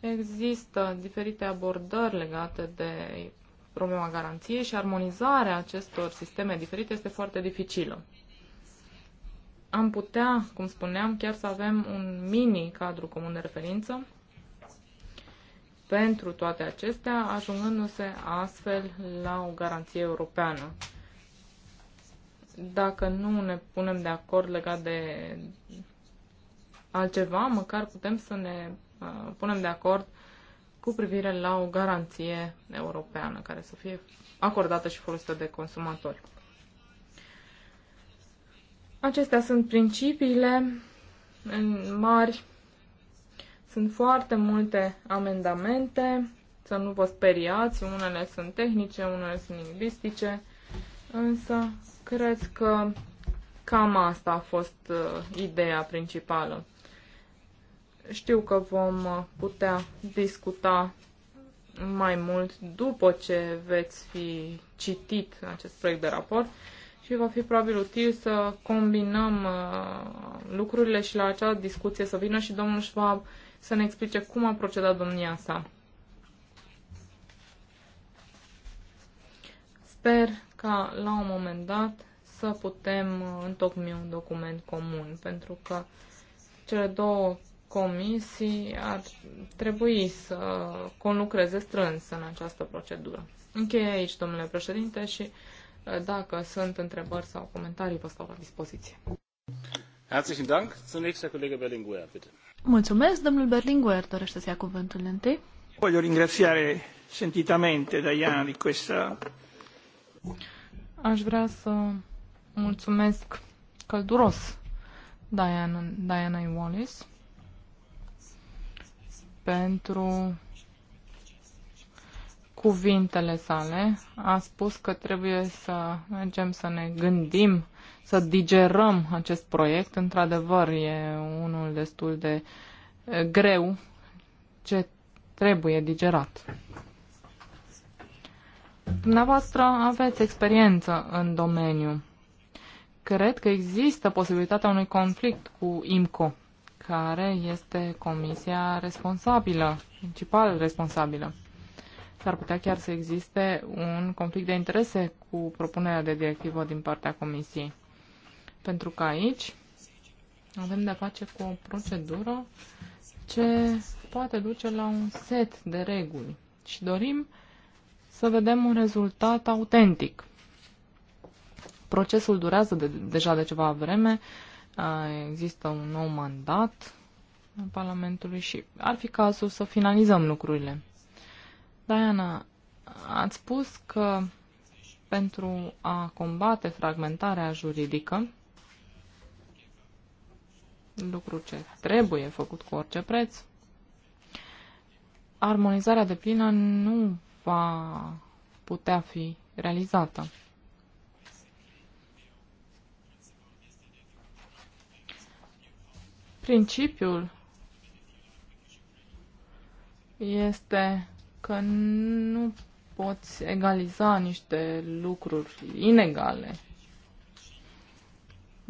Există diferite abordări legate de problema garanției și armonizarea acestor sisteme diferite este foarte dificilă. Am putea, cum spuneam, chiar să avem un mini cadru comun de referință pentru toate acestea, ajungându-se astfel la o garanție europeană. Dacă nu ne punem de acord legat de altceva, măcar putem să ne uh, punem de acord cu privire la o garanție europeană care să fie acordată și folosită de consumatori. Acestea sunt principiile mari sunt foarte multe amendamente, să nu vă speriați, unele sunt tehnice, unele sunt lingvistice, însă cred că cam asta a fost uh, ideea principală. Știu că vom uh, putea discuta mai mult după ce veți fi citit acest proiect de raport și va fi probabil util să combinăm uh, lucrurile și la acea discuție să vină și domnul Schwab să ne explice cum a procedat domnia sa. Sper ca la un moment dat să putem uh, întocmi un document comun, pentru că cele două comisii ar trebui să conlucreze strâns în această procedură. Încheie aici, domnule președinte, și uh, dacă sunt întrebări sau comentarii, vă stau la dispoziție. Herzlichen Dank. Zunächst der Kollege Berlinguer, bitte. Domnul Berlinguer dorește să ia cuvântul întâi. Voglio ringraziare sentitamente Diana di questa... Aș vrea să mulțumesc călduros Diana, Diana Wallis pentru cuvintele sale. A spus că trebuie să mergem să ne gândim să digerăm acest proiect. Într-adevăr, e unul destul de greu ce trebuie digerat. Dumneavoastră aveți experiență în domeniu. Cred că există posibilitatea unui conflict cu IMCO, care este comisia responsabilă, principal responsabilă. S-ar putea chiar să existe un conflict de interese cu propunerea de directivă din partea comisiei pentru că aici avem de-a face cu o procedură ce poate duce la un set de reguli și dorim să vedem un rezultat autentic. Procesul durează de, deja de ceva vreme, există un nou mandat în Parlamentului și ar fi cazul să finalizăm lucrurile. Diana, ați spus că pentru a combate fragmentarea juridică, lucru ce trebuie făcut cu orice preț, armonizarea de plină nu va putea fi realizată. Principiul este că nu poți egaliza niște lucruri inegale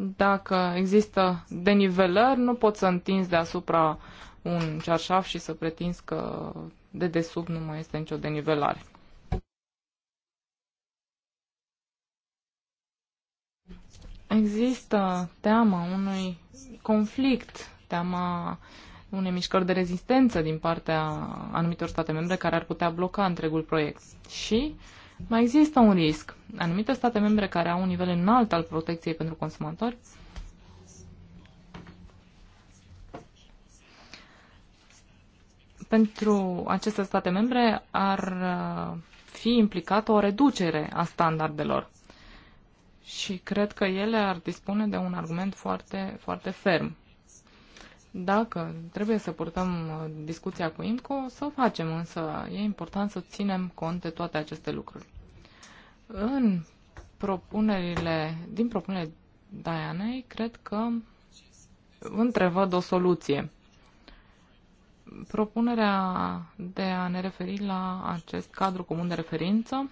dacă există denivelări, nu poți să întinzi deasupra un cearșaf și să pretinzi că de desubt nu mai este nicio denivelare. Există teama unui conflict, teama unei mișcări de rezistență din partea anumitor state membre care ar putea bloca întregul proiect. Și uh, mai există un risc. Anumite state membre care au un nivel înalt al protecției pentru consumatori pentru aceste state membre ar uh, fi implicată o reducere a standardelor. Și cred că ele ar dispune de un argument foarte, foarte ferm. Dacă trebuie să purtăm uh, discuția cu IMCO, să o facem, însă e important să ținem cont de toate aceste lucruri. În propunerile, din propunerile Dianei, cred că întrevăd o soluție. Propunerea de a ne referi la acest cadru comun de referință,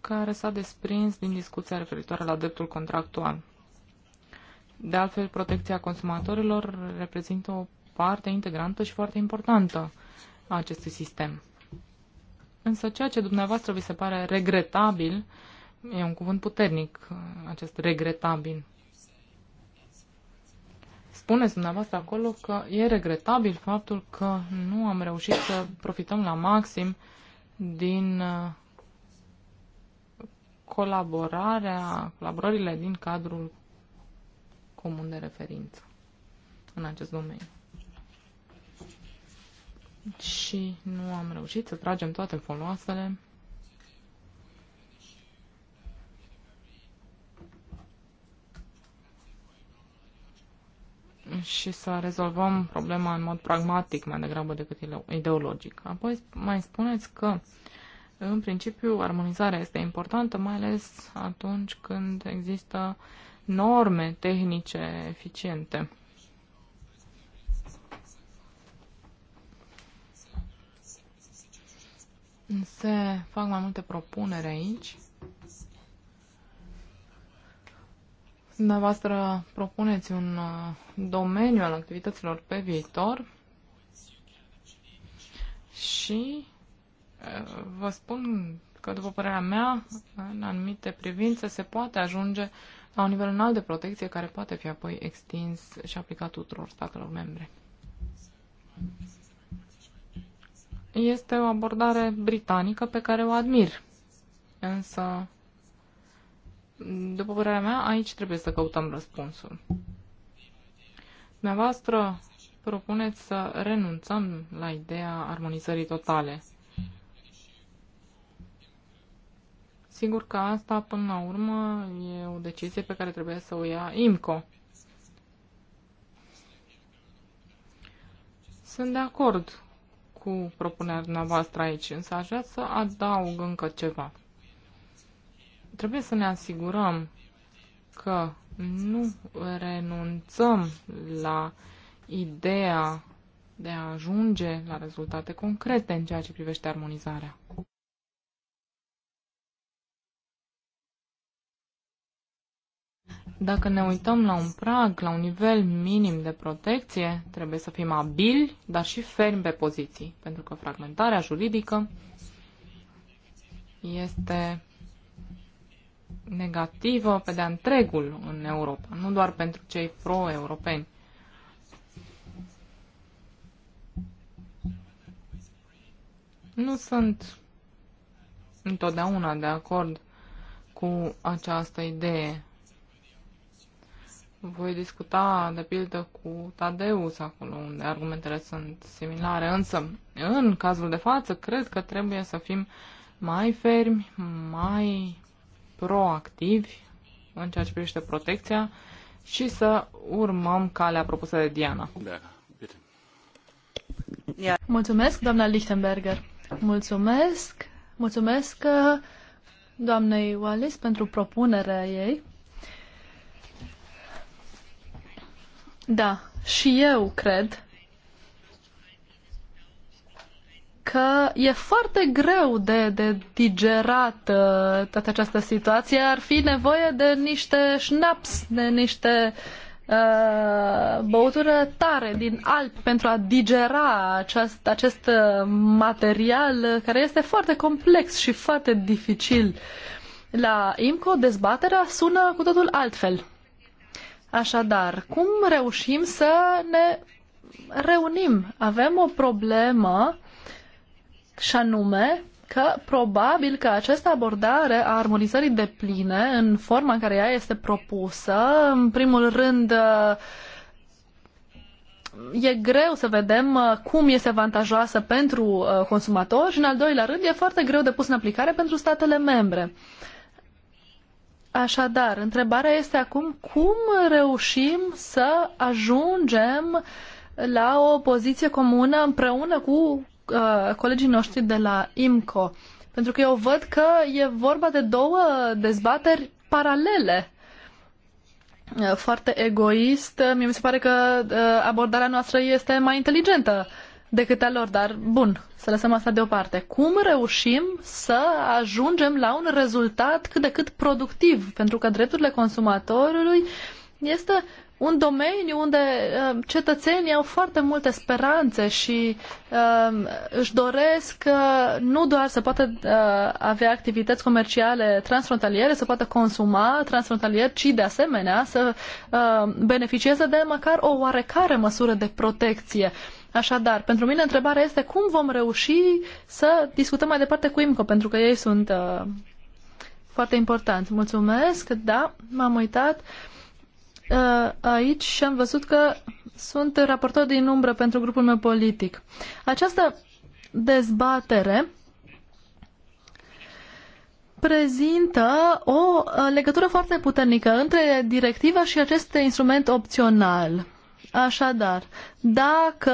care s-a desprins din discuția referitoare la dreptul contractual. De altfel, protecția consumatorilor reprezintă o parte integrantă și foarte importantă a acestui sistem. Însă ceea ce dumneavoastră vi se pare regretabil, e un cuvânt puternic, acest regretabil. Spuneți dumneavoastră acolo că e regretabil faptul că nu am reușit să profităm la maxim din uh, colaborarea, colaborările din cadrul comun de referință în acest domeniu. Și nu am reușit să tragem toate foloasele și să rezolvăm problema în mod pragmatic mai degrabă decât ideologic. Apoi mai spuneți că în principiu armonizarea este importantă, mai ales atunci când există uh, norme tehnice eficiente. Se fac mai multe propuneri aici. Dumneavoastră propuneți un uh, domeniu al activităților pe viitor și uh, vă spun că, după părerea mea, în anumite privințe se poate ajunge la un nivel înalt de protecție care poate fi apoi extins și aplicat tuturor statelor membre. Este o abordare britanică pe care o admir, însă, după părerea mea, aici trebuie să căutăm răspunsul. Dumneavoastră propuneți să renunțăm la ideea armonizării totale Sigur că asta, până la urmă, e o decizie pe care trebuie să o ia IMCO. Sunt de acord cu propunerea dumneavoastră aici, însă aș vrea să adaug încă ceva. Trebuie să ne asigurăm că nu renunțăm la ideea de a ajunge la rezultate concrete în ceea ce privește armonizarea. Dacă ne uităm la un prag, la un nivel minim de protecție, trebuie să fim abili, dar și fermi pe poziții, pentru că fragmentarea juridică este negativă pe de-a întregul în Europa, nu doar pentru cei pro-europeni. Nu sunt întotdeauna de acord cu această idee voi discuta, de pildă, cu Tadeus acolo, unde argumentele sunt similare, însă, în cazul de față, cred că trebuie să fim mai fermi, mai proactivi în ceea ce privește protecția și să urmăm calea propusă de Diana. Da, mulțumesc, doamna Lichtenberger. Mulțumesc. Mulțumesc doamnei Wallis pentru propunerea ei. Da, și eu cred că e foarte greu de, de digerat uh, toată această situație. Ar fi nevoie de niște șnaps, de niște uh, băutură tare din alb pentru a digera acest, acest uh, material care este foarte complex și foarte dificil. La IMCO dezbaterea sună cu totul altfel. Așadar, cum reușim să ne reunim? Avem o problemă și anume că probabil că această abordare a armonizării de pline, în forma în care ea este propusă, în primul rând e greu să vedem uh, cum este avantajoasă pentru uh, consumator și, în al doilea rând, e foarte greu de pus în aplicare pentru statele membre. Așadar, întrebarea este acum cum reușim să ajungem la o poziție comună împreună cu uh, colegii noștri de la IMCO. Pentru că eu văd că e vorba de două dezbateri paralele. Uh, foarte egoist. Mie mi se pare că uh, abordarea noastră este mai inteligentă decât a lor, dar bun, să lăsăm asta deoparte. Cum reușim să ajungem la un rezultat cât de cât productiv? Pentru că drepturile consumatorului este un domeniu unde uh, cetățenii au foarte multe speranțe și uh, își doresc uh, nu doar să poată uh, avea activități comerciale transfrontaliere, să poată consuma transfrontalier, ci de asemenea să uh, beneficieze de măcar o oarecare măsură de protecție. Uh, Așadar, pentru mine întrebarea este cum vom reuși să discutăm mai departe cu IMCO, pentru că ei sunt uh, foarte importanți. Mulțumesc, da, m-am uitat uh, aici și am văzut că sunt raportor din umbră pentru grupul meu politic. Această dezbatere prezintă o uh, legătură foarte puternică între directiva și acest instrument opțional. Așadar, dacă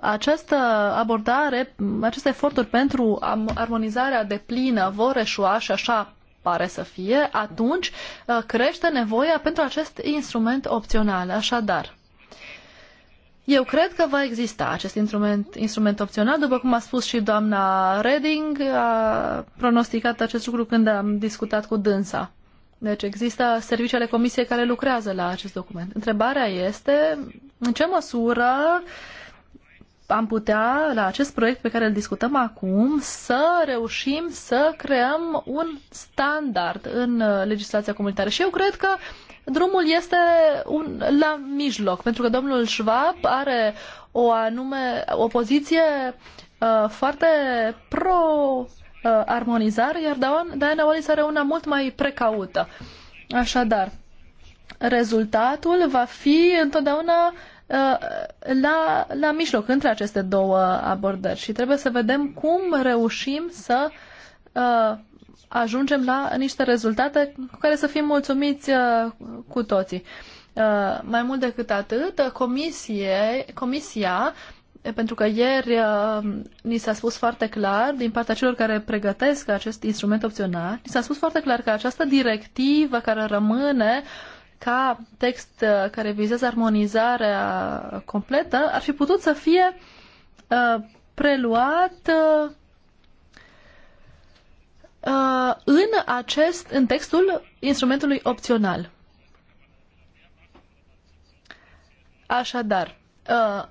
această abordare, aceste eforturi pentru armonizarea de plină vor eșua și așa pare să fie, atunci uh, crește nevoia pentru acest instrument opțional. Așadar, eu cred că va exista acest instrument, instrument opțional, după cum a spus și doamna Reding, a pronosticat acest lucru când am discutat cu dânsa. Deci există serviciile comisiei care lucrează la acest document. Întrebarea este în ce măsură am putea, la acest proiect pe care îl discutăm acum, să reușim să creăm un standard în uh, legislația comunitară. Și eu cred că drumul este un, la mijloc, pentru că domnul Schwab are o anume o poziție uh, foarte pro uh, armonizare, iar Diana Wallis are una mult mai precaută. Așadar, rezultatul va fi întotdeauna uh, la, la mijloc între aceste două abordări și trebuie să vedem cum reușim să uh, ajungem la niște rezultate cu care să fim mulțumiți uh, cu toții. Uh, mai mult decât atât, comisie, comisia pentru că ieri uh, ni s-a spus foarte clar, din partea celor care pregătesc acest instrument opțional, ni s-a spus foarte clar că această directivă care rămâne ca text uh, care vizează armonizarea completă ar fi putut să fie uh, preluat uh, uh în, acest, în textul instrumentului opțional. Așadar, uh,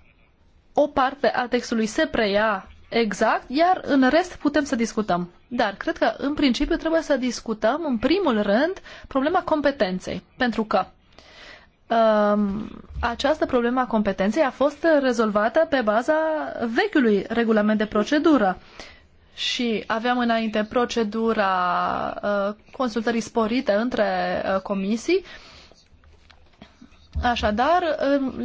o parte a textului se preia exact, iar în rest putem să discutăm. Dar cred că în principiu trebuie să discutăm în primul rând problema competenței, pentru că um, această problemă a competenței a fost rezolvată pe baza vechiului regulament de procedură și aveam înainte procedura uh, consultării sporite între uh, comisii Așadar,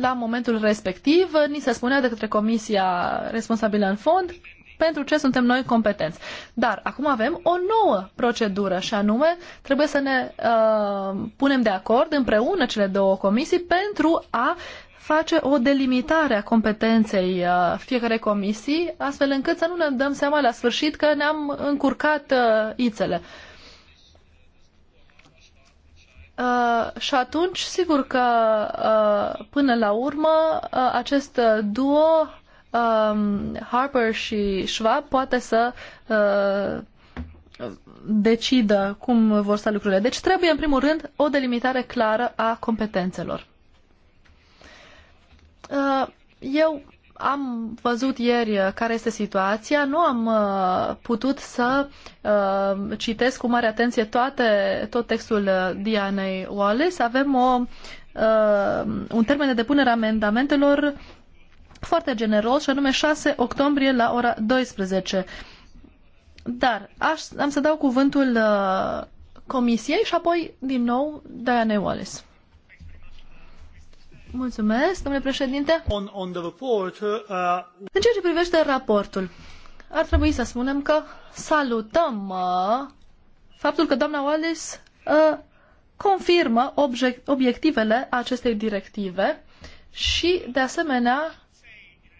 la momentul respectiv, ni se spunea de către comisia responsabilă în fond pentru ce suntem noi competenți. Dar acum avem o nouă procedură și anume trebuie să ne uh, punem de acord împreună cele două comisii pentru a face o delimitare a competenței uh, fiecare comisii, astfel încât să nu ne dăm seama la sfârșit că ne-am încurcat uh, ițele. Uh, Uh, și atunci, sigur că uh, până la urmă uh, acest duo um, Harper și Schwab poate să uh, decidă cum vor sta lucrurile. Deci trebuie, în primul rând, o delimitare clară a competențelor. Uh, eu am văzut ieri uh, care este situația, nu am uh, putut să uh, citesc cu mare atenție toate, tot textul Dianei Wallace. Avem o, un termen de depunere a amendamentelor foarte generos, și anume 6 octombrie la ora 12. Dar aș, am să dau cuvântul Comisiei și apoi, din nou, Diana Wallace. Mulțumesc, domnule președinte. On, on the report, uh, uh... În ceea ce privește raportul, ar trebui să spunem că salutăm uh, faptul că doamna Wallis uh, confirmă obiectivele acestei directive și, de asemenea,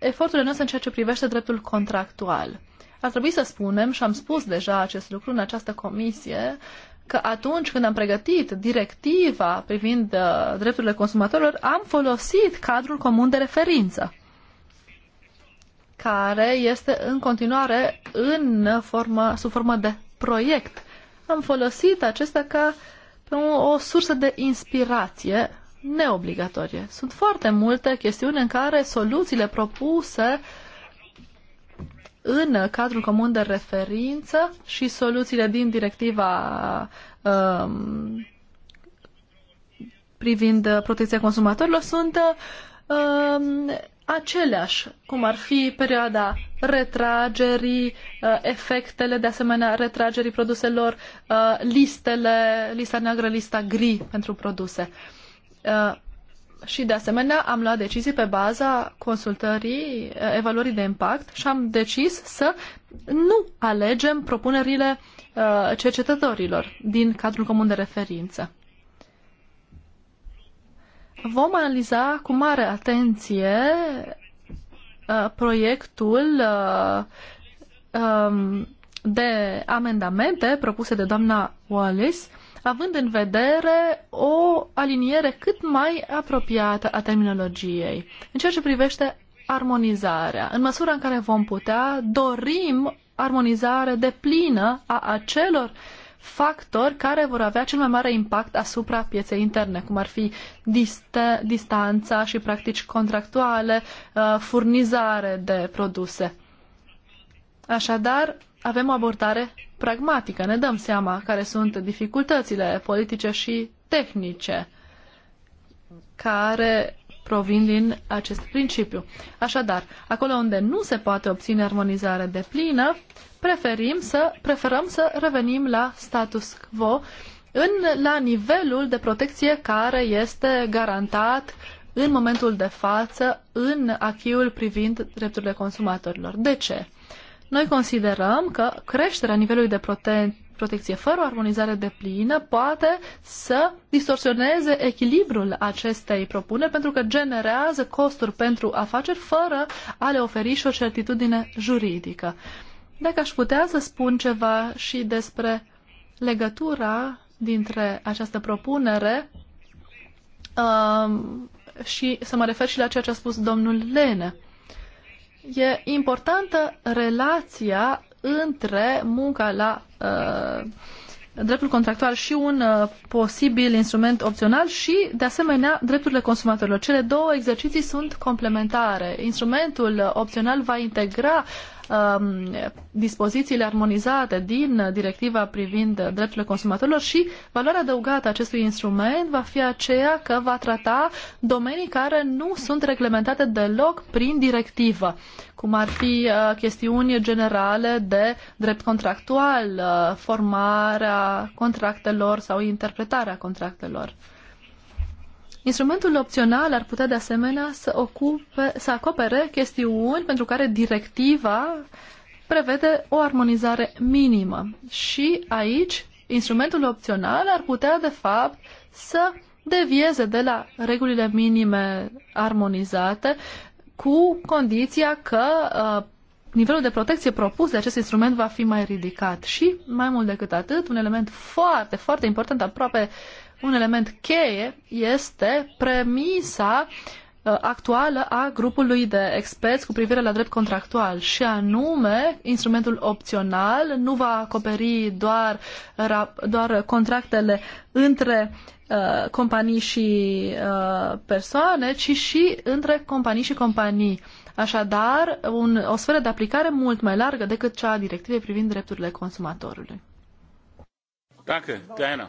eforturile noastre în ceea ce privește dreptul contractual. Ar trebui să spunem, și am spus deja acest lucru în această comisie, că atunci când am pregătit directiva privind uh, drepturile consumatorilor, am folosit cadrul comun de referință, care este în continuare în formă, sub formă de proiect. Am folosit acesta ca o, o sursă de inspirație neobligatorie. Sunt foarte multe chestiuni în care soluțiile propuse uh, în cadrul comun de referință și soluțiile din directiva um, privind protecția consumatorilor sunt um, aceleași, cum ar fi perioada retragerii, uh, efectele de asemenea retragerii produselor, uh, listele, lista neagră, lista gri pentru produse. Uh, și de asemenea am luat decizii pe baza consultării, eh, evaluării de impact și am decis să nu alegem propunerile eh, cercetătorilor din cadrul comun de referință. Vom analiza cu mare atenție eh, proiectul de amendamente propuse de doamna Wallis având în vedere o aliniere cât mai apropiată a terminologiei. În ceea ce privește armonizarea, în măsura în care vom putea, dorim armonizare de plină a acelor factori care vor avea cel mai mare impact asupra pieței interne, cum ar fi dist- distanța și practici contractuale, uh, furnizare de produse. Așadar, avem o abordare pragmatică. Ne dăm seama care sunt dificultățile politice și tehnice care provin din acest principiu. Așadar, acolo unde nu se poate obține armonizare de plină, preferim să, preferăm să revenim la status quo în, la nivelul de protecție care este garantat în momentul de față în achiul privind drepturile consumatorilor. De ce? Noi considerăm că creșterea nivelului de prote- protecție fără o armonizare de plină poate să distorsioneze echilibrul acestei propuneri pentru că generează costuri pentru afaceri fără a le oferi și o certitudine juridică. Dacă aș putea să spun ceva și despre legătura dintre această propunere um, și să mă refer și la ceea ce a spus domnul Lene. Uh, e importantă relația între munca la uh, dreptul contractual și un uh, posibil instrument opțional și, de asemenea, drepturile consumatorilor. Cele două exerciții sunt complementare. Instrumentul opțional va integra Um, dispozițiile armonizate din directiva privind drepturile consumatorilor și valoarea adăugată acestui instrument va fi aceea că va trata domenii care nu sunt reglementate deloc prin directivă, cum ar fi uh, chestiuni generale de drept contractual, uh, formarea contractelor sau interpretarea contractelor. Instrumentul opțional ar putea de asemenea să, ocupe, să acopere chestiuni pentru care directiva prevede o armonizare minimă. Și aici, instrumentul opțional ar putea, de fapt, să devieze de la regulile minime armonizate cu condiția că uh, nivelul de protecție propus de acest instrument va fi mai ridicat. Și, mai mult decât atât, un element foarte, foarte important, aproape uh, un element cheie este premisa uh, actuală a grupului de experți cu privire la drept contractual și anume instrumentul opțional nu va acoperi doar, doar contractele între uh, companii și uh, persoane, ci și între companii și companii. Așadar, un, o sferă de aplicare mult mai largă decât cea a directivei privind drepturile consumatorului. Danke, Diana.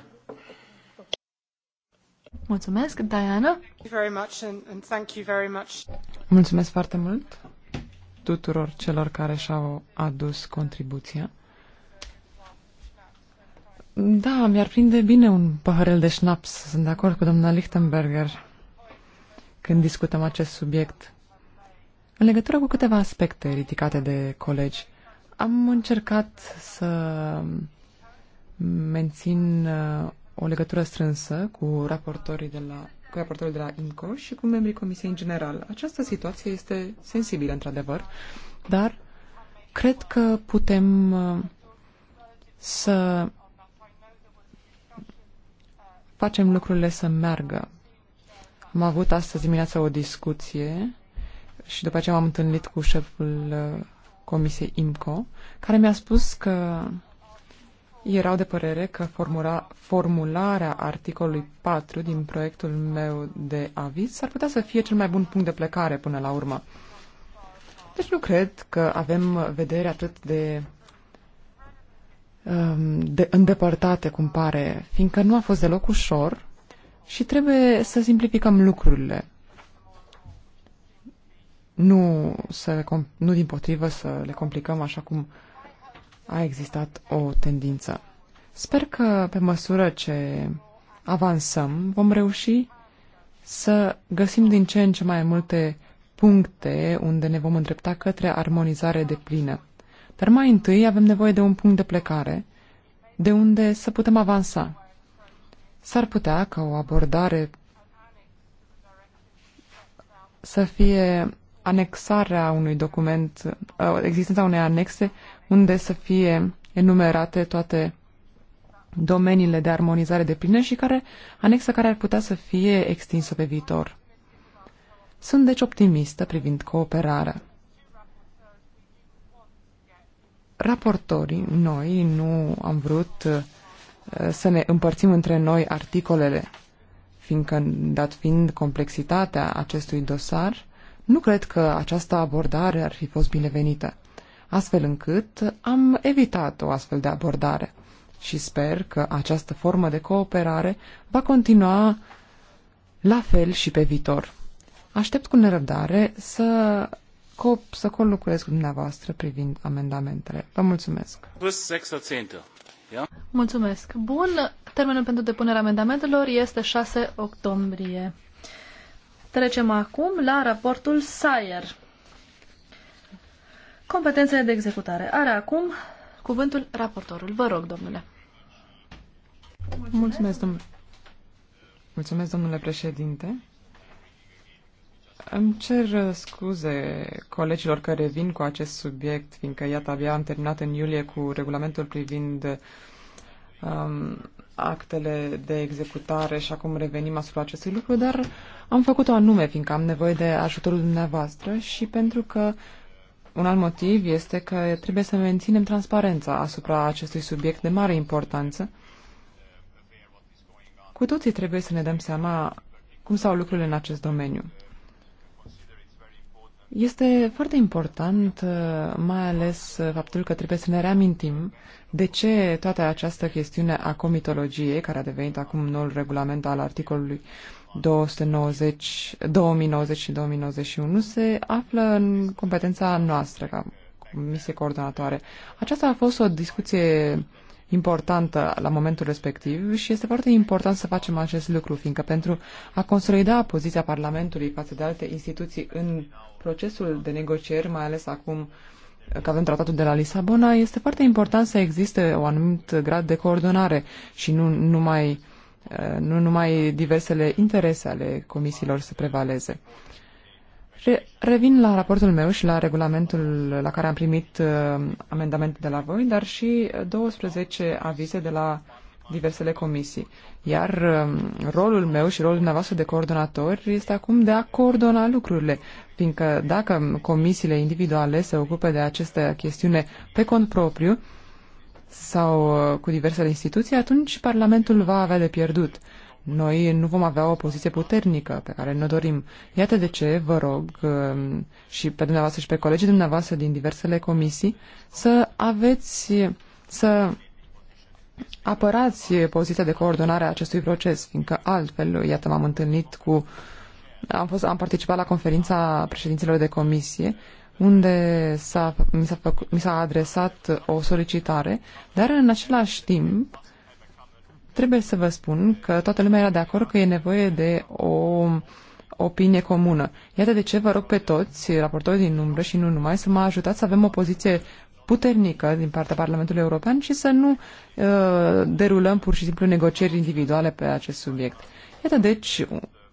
Mulțumesc, Diana. Mulțumesc foarte mult tuturor celor care și-au adus contribuția. Da, mi-ar prinde bine un paharel de șnaps. Sunt de acord cu doamna Lichtenberger când discutăm acest subiect. În legătură cu câteva aspecte ridicate de colegi, am încercat să mențin uh, o legătură strânsă cu raportorii de la cu raportorul de la INCO și cu membrii Comisiei în general. Această situație este sensibilă, într-adevăr, dar cred că putem uh, să facem lucrurile să meargă. Am avut astăzi dimineața o discuție și după aceea m-am întâlnit cu șeful uh, Comisiei IMCO, care mi-a spus că erau de părere că formula, formularea articolului 4 din proiectul meu de aviz ar putea să fie cel mai bun punct de plecare până la urmă. Deci nu cred că avem vedere atât de, um, de îndepărtate cum pare, fiindcă nu a fost deloc ușor și trebuie să simplificăm lucrurile. Nu, să, nu din potrivă să le complicăm așa cum uh, a existat o tendință. Sper că pe măsură ce avansăm, vom reuși să găsim din ce în ce mai multe puncte unde ne vom îndrepta către armonizare de plină. Dar mai întâi avem nevoie de un punct de plecare, de unde să putem avansa. S-ar putea ca o abordare să fie anexarea unui document, uh, existența unei anexe unde să fie enumerate toate domeniile de armonizare de plină și care, anexă care ar putea să fie extinsă pe viitor. Sunt deci optimistă privind cooperarea. Raportorii, noi nu am vrut uh, să ne împărțim între noi articolele, fiindcă, dat fiind complexitatea acestui dosar, nu cred că această abordare ar fi fost binevenită, astfel încât am evitat o astfel de abordare și sper că această formă de cooperare va continua la fel și pe viitor. Aștept cu nerăbdare să, co- să conlucrez cu dumneavoastră privind amendamentele. Vă mulțumesc! Mulțumesc! Bun, termenul pentru depunerea amendamentelor este 6 octombrie. Trecem acum la raportul Sayer. Competențele de executare. Are acum cuvântul raportorul. Vă rog, domnule. Mulțumesc, domnule. Mulțumesc, domnule președinte. Îmi cer uh, scuze colegilor care vin cu acest subiect, fiindcă, iată, abia am terminat în iulie cu regulamentul privind um, actele de executare și acum revenim asupra acestui lucru, dar am făcut-o anume, fiindcă am nevoie de ajutorul dumneavoastră și pentru că un alt motiv este că trebuie să menținem transparența asupra acestui subiect de mare importanță. Cu toții trebuie să ne dăm seama cum stau lucrurile în acest domeniu. Este foarte important, uh, mai ales uh, faptul că trebuie să ne reamintim de ce toată această chestiune a comitologiei, care a devenit acum noul regulament al articolului 290, 2090 și 2091 se află în competența noastră ca comisie coordonatoare. Aceasta a fost o discuție importantă la momentul respectiv și este foarte important să facem acest lucru, fiindcă pentru a consolida poziția Parlamentului față de alte instituții în procesul de negocieri, mai ales acum că avem tratatul de la Lisabona, este foarte important să existe un anumit grad de coordonare și nu numai uh, Uh, nu numai diversele interese ale comisiilor să prevaleze. Revin la raportul meu și la regulamentul la care am primit uh, amendamente de la voi, dar și 12 avize de la diversele comisii. Iar um, rolul meu și rolul dumneavoastră de coordonator este acum de a coordona lucrurile, fiindcă dacă comisiile individuale se ocupă de aceste chestiune pe cont propriu, sau uh, cu diversele instituții, atunci Parlamentul va avea de pierdut. Noi nu vom avea o poziție puternică pe care ne dorim. Iată de ce vă rog uh, și pe dumneavoastră și pe colegii dumneavoastră din diversele comisii să aveți, să apărați poziția de coordonare a acestui proces, fiindcă altfel, iată, m-am întâlnit cu am, fost, am participat la conferința președinților de comisie unde s-a, mi, s-a făcut, mi s-a adresat o solicitare, dar în același timp trebuie să vă spun că toată lumea era de acord că e nevoie de o opinie comună. Iată de ce vă rog pe toți, raportori din umbră și nu numai, să mă ajutați să avem o poziție puternică din partea Parlamentului European și să nu uh, derulăm pur și simplu negocieri individuale pe acest subiect. Iată deci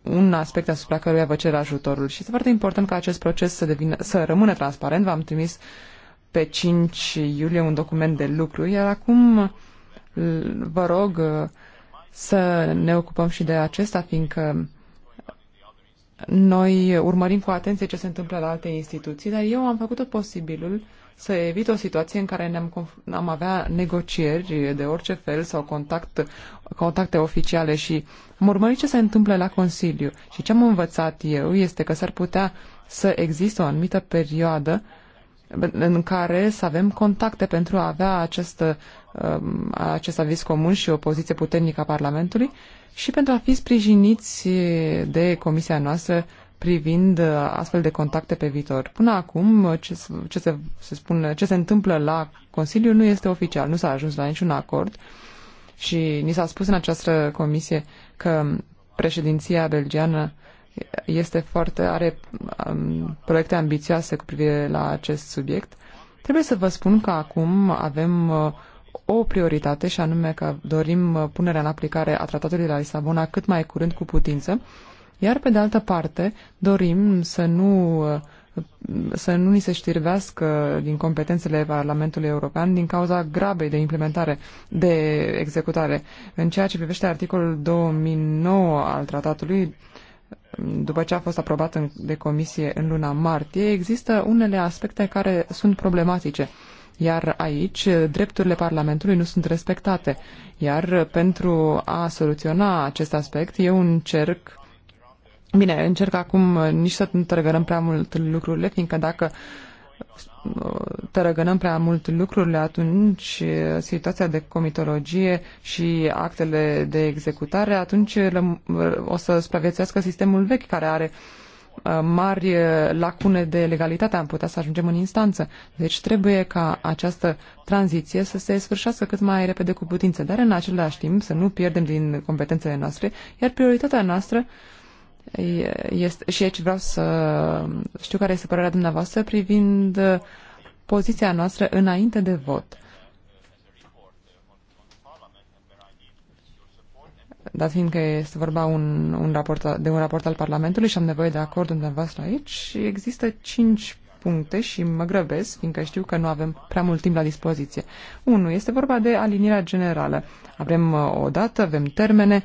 un aspect asupra căruia vă cer ajutorul și este foarte important ca acest proces să, devină, să rămână transparent. V-am trimis pe 5 iulie un document de lucru, iar acum vă rog uh, să ne ocupăm și de acesta, fiindcă noi urmărim cu atenție ce se întâmplă la alte instituții, dar eu am făcut tot posibilul să evit o situație în care ne-am am avea negocieri de orice fel sau contact, contacte oficiale și am urmărit ce se întâmplă la Consiliu și ce am învățat eu este că s-ar putea să existe o anumită perioadă în care să avem contacte pentru a avea acest, um, acest aviz comun și o poziție puternică a Parlamentului și pentru a fi sprijiniți de comisia noastră privind astfel de contacte pe viitor. Până acum, ce, ce, se, se spune, ce se întâmplă la Consiliu nu este oficial, nu s-a ajuns la niciun acord și ni s-a spus în această comisie că președinția belgiană este foarte, are um, proiecte ambițioase cu privire la acest subiect. Trebuie să vă spun că acum avem uh, o prioritate și anume că dorim uh, punerea în aplicare a tratatului de la Lisabona cât mai curând cu putință, iar pe de altă parte dorim să nu uh, să nu ni se știrbească din competențele Parlamentului European din cauza grabei de implementare, de executare. În ceea ce privește articolul 2009 al tratatului, după ce a fost aprobat în, de comisie în luna martie, există unele aspecte care sunt problematice. Iar aici, drepturile Parlamentului nu sunt respectate. Iar pentru a soluționa acest aspect, eu încerc Bine, încerc acum nici să nu tărăgărăm prea mult lucrurile, fiindcă dacă uh, tărăgănăm prea mult lucrurile, atunci uh, situația de comitologie și actele de executare, atunci uh, o să supraviețuiască sistemul vechi care are mari lacune de legalitate, am putea să ajungem în instanță. Deci trebuie ca această tranziție să se sfârșească cât mai repede cu putință, dar în același timp să nu pierdem din competențele noastre, iar prioritatea noastră uh, este, și aici vreau să știu care este părerea dumneavoastră privind uh, poziția noastră înainte de vot. dat fiindcă este vorba un, un raport, de un raport al Parlamentului și am nevoie de acordul dumneavoastră aici, există cinci puncte și mă grăbesc, fiindcă știu că nu avem prea mult timp la dispoziție. Unu Este vorba de alinierea generală. Avem uh, o dată, avem termene, uh,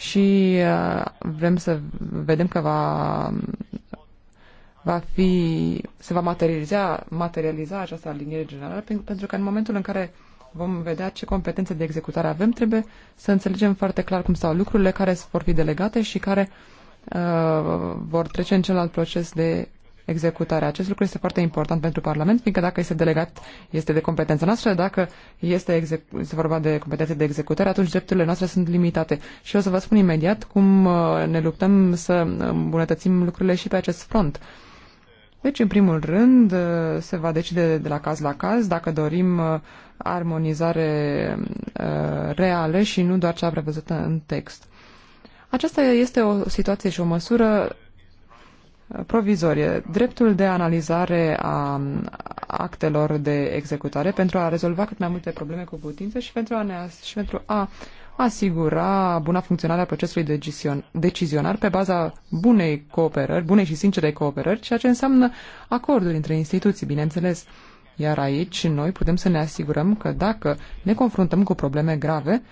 și uh, vrem să vedem că va, va fi, se va materializa, materializa această aliniere generală, pentru că în momentul în care vom vedea ce competențe de executare avem, trebuie să înțelegem foarte clar cum stau lucrurile, care vor fi delegate și care uh, vor trece în celălalt proces de executarea Acest lucru este foarte important pentru Parlament, fiindcă dacă este delegat, este de competența noastră, dacă este, este vorba de competențe de executare, atunci drepturile noastre sunt limitate. Și o să vă spun imediat cum uh, ne luptăm să îmbunătățim lucrurile și pe acest front. Deci, în primul rând, uh, se va decide de la caz la caz dacă dorim uh, armonizare reală și nu doar cea prevăzută în text. Aceasta este o situație și o măsură provizorie, dreptul de analizare a actelor de executare pentru a rezolva cât mai multe probleme cu putință și pentru a, ne, și pentru a asigura buna funcționare a procesului decision- decizionar pe baza bunei cooperări, bunei și sincere cooperări, ceea ce înseamnă acorduri între instituții, bineînțeles. Iar aici noi putem să ne asigurăm că dacă ne confruntăm cu probleme grave,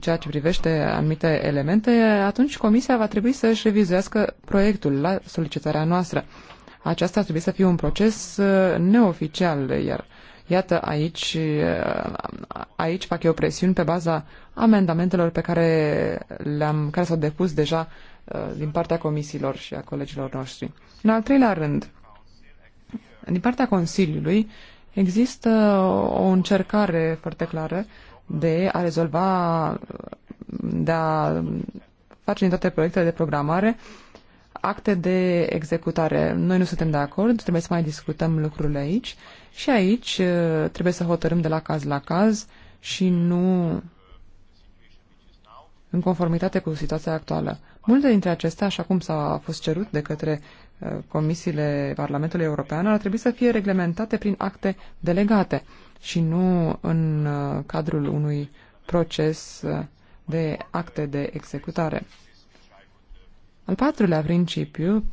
ceea ce privește anumite elemente, atunci Comisia va trebui să-și revizuiască proiectul la solicitarea noastră. Aceasta ar trebui să fie un proces uh, neoficial, iar iată aici, uh, aici fac eu presiuni pe baza amendamentelor pe care, le-am, care s-au depus deja uh, din partea comisiilor și a colegilor noștri. În al treilea rând, din partea Consiliului există o încercare foarte clară de a rezolva, de a face din toate proiectele de programare acte de executare. Noi nu suntem de acord, trebuie să mai discutăm lucrurile aici și aici uh, trebuie să hotărâm de la caz la caz și nu în conformitate cu situația actuală. Multe dintre acestea, așa cum s-a fost cerut de către uh, comisiile Parlamentului European, ar trebui să fie reglementate prin acte delegate și nu în uh, cadrul unui proces uh, de acte de executare. Al patrulea principiu,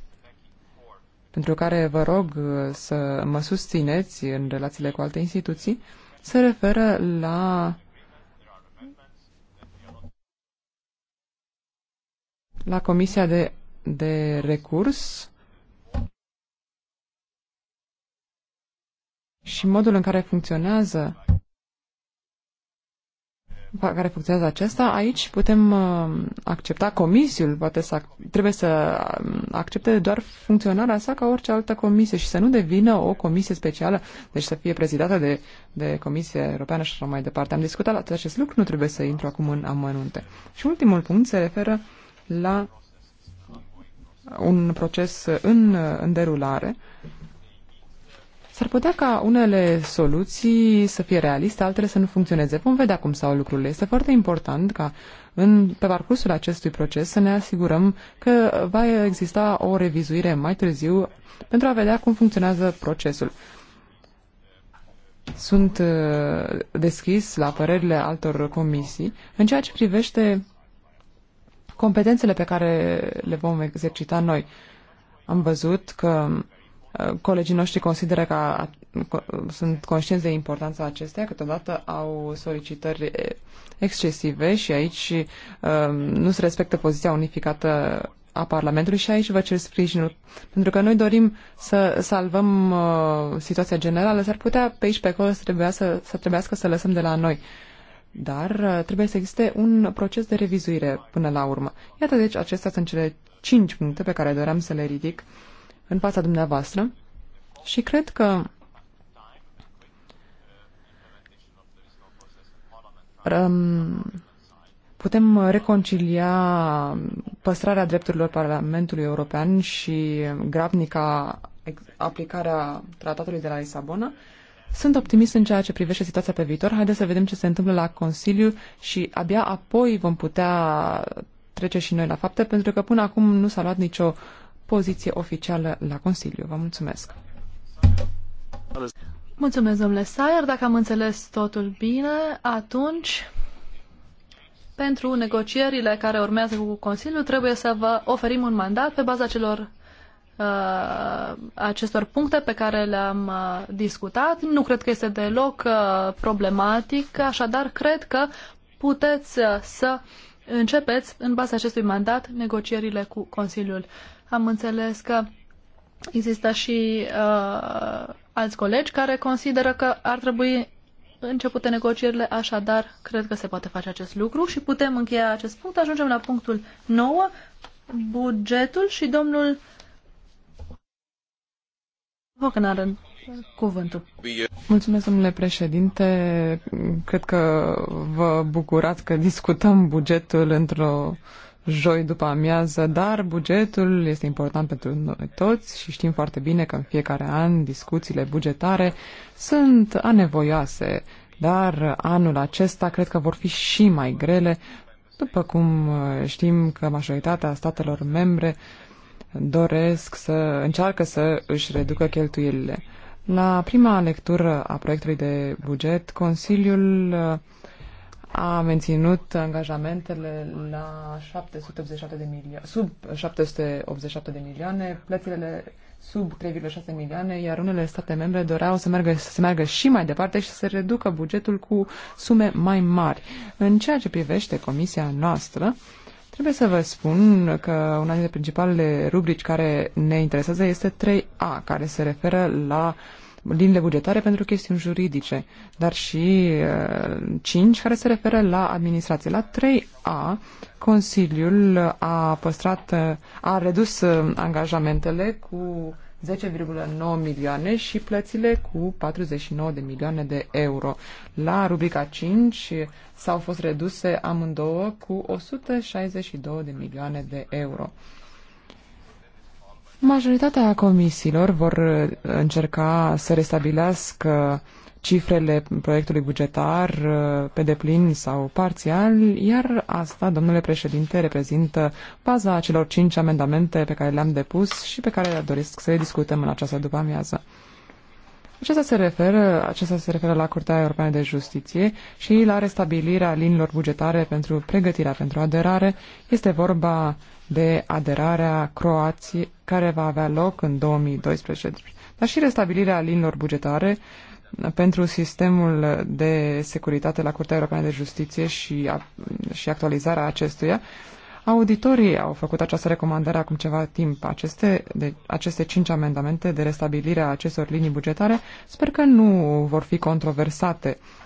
pentru care vă rog uh, să mă susțineți în relațiile cu alte instituții, se referă la la Comisia de, de Recurs și modul în care funcționează care funcționează acesta, aici putem uh, accepta comisiul, poate să, trebuie să um, accepte doar funcționarea sa ca orice altă comisie și să nu devină o comisie specială, deci să fie prezidată de, de Comisia Europeană și așa mai departe. Am discutat la acest lucru, nu trebuie să intru acum în amănunte. Și ultimul punct se referă la un proces în, în derulare S-ar putea ca unele soluții să fie realiste, altele să nu funcționeze. Vom vedea cum stau lucrurile. Este foarte important ca în, pe parcursul acestui proces să ne asigurăm că va exista o revizuire mai târziu pentru a vedea cum funcționează procesul. Sunt uh, deschis la părerile altor comisii în ceea ce privește competențele pe care le vom exercita noi. Am văzut că Colegii noștri consideră că sunt conștienți de importanța acesteia, câteodată au solicitări excesive și aici um, nu se respectă poziția unificată a Parlamentului și aici vă cer sprijinul. Pentru că noi dorim să salvăm uh, situația generală, s-ar putea pe aici, pe acolo, să, trebuiască să, să trebuiască să lăsăm de la noi. Dar uh, trebuie să existe un proces de revizuire până la urmă. Iată, deci, acestea sunt cele cinci puncte pe care doream să le ridic. Uh, în fața dumneavoastră și cred că putem reconcilia păstrarea drepturilor Parlamentului European și grabnica aplicarea tratatului de la Lisabona. Sunt optimist în ceea ce privește situația pe viitor. Haideți să vedem ce se întâmplă la Consiliu și abia apoi vom putea trece și noi la fapte, pentru că până acum nu s-a luat nicio poziție oficială la Consiliu. Vă mulțumesc! Mulțumesc, domnule Sayer. Dacă am înțeles totul bine, atunci pentru negocierile care urmează cu Consiliul trebuie să vă oferim un mandat pe baza celor uh, acestor puncte pe care le-am uh, discutat. Nu cred că este deloc uh, problematic, așadar cred că puteți să începeți în baza acestui mandat negocierile cu Consiliul. Am înțeles că există și uh, alți colegi care consideră că ar trebui începute negocierile, așadar cred că se poate face acest lucru și putem încheia acest punct. Ajungem la punctul 9, bugetul și domnul Vocnaren cuvântul. Mulțumesc, domnule președinte. Cred că vă bucurați că discutăm bugetul într-o joi după amiază, dar bugetul este important pentru noi toți și știm foarte bine că în fiecare an discuțiile bugetare sunt anevoioase, dar anul acesta cred că vor fi și mai grele, după cum uh, știm că majoritatea statelor membre doresc să încearcă să își reducă cheltuielile. La prima lectură a proiectului de buget, Consiliul uh, a menținut angajamentele la 787 de milioane, sub 787 de milioane, plățile sub 3,6 milioane, iar unele state membre doreau să meargă, să se meargă și mai departe și să se reducă bugetul cu sume mai mari. În ceea ce privește comisia noastră, trebuie să vă spun că una dintre principalele rubrici care ne interesează este 3A, care se referă la uh, liniile bugetare pentru chestiuni juridice, dar și 5 uh, care se referă la administrație. La 3A, Consiliul a păstrat, uh, a redus uh, angajamentele cu 10,9 milioane și plățile cu 49 de milioane de euro. La rubrica 5 s-au fost reduse amândouă cu 162 de milioane de euro. Majoritatea comisiilor vor uh, încerca să restabilească cifrele proiectului bugetar uh, pe deplin sau parțial, iar asta, domnule președinte, reprezintă baza celor cinci amendamente pe care le-am depus și pe care doresc să le discutăm în această după-amiază. Acesta se, referă, acesta se referă la Curtea Europeană de Justiție și la restabilirea linilor bugetare pentru pregătirea pentru aderare. Este vorba de aderarea Croației, care va avea loc în 2012, dar și restabilirea linilor bugetare pentru sistemul de securitate la Curtea Europeană de Justiție și, a, și actualizarea acestuia. Auditorii au făcut această recomandare acum ceva timp. Aceste, de, aceste cinci amendamente de restabilire a acestor linii bugetare sper că nu vor fi controversate uh,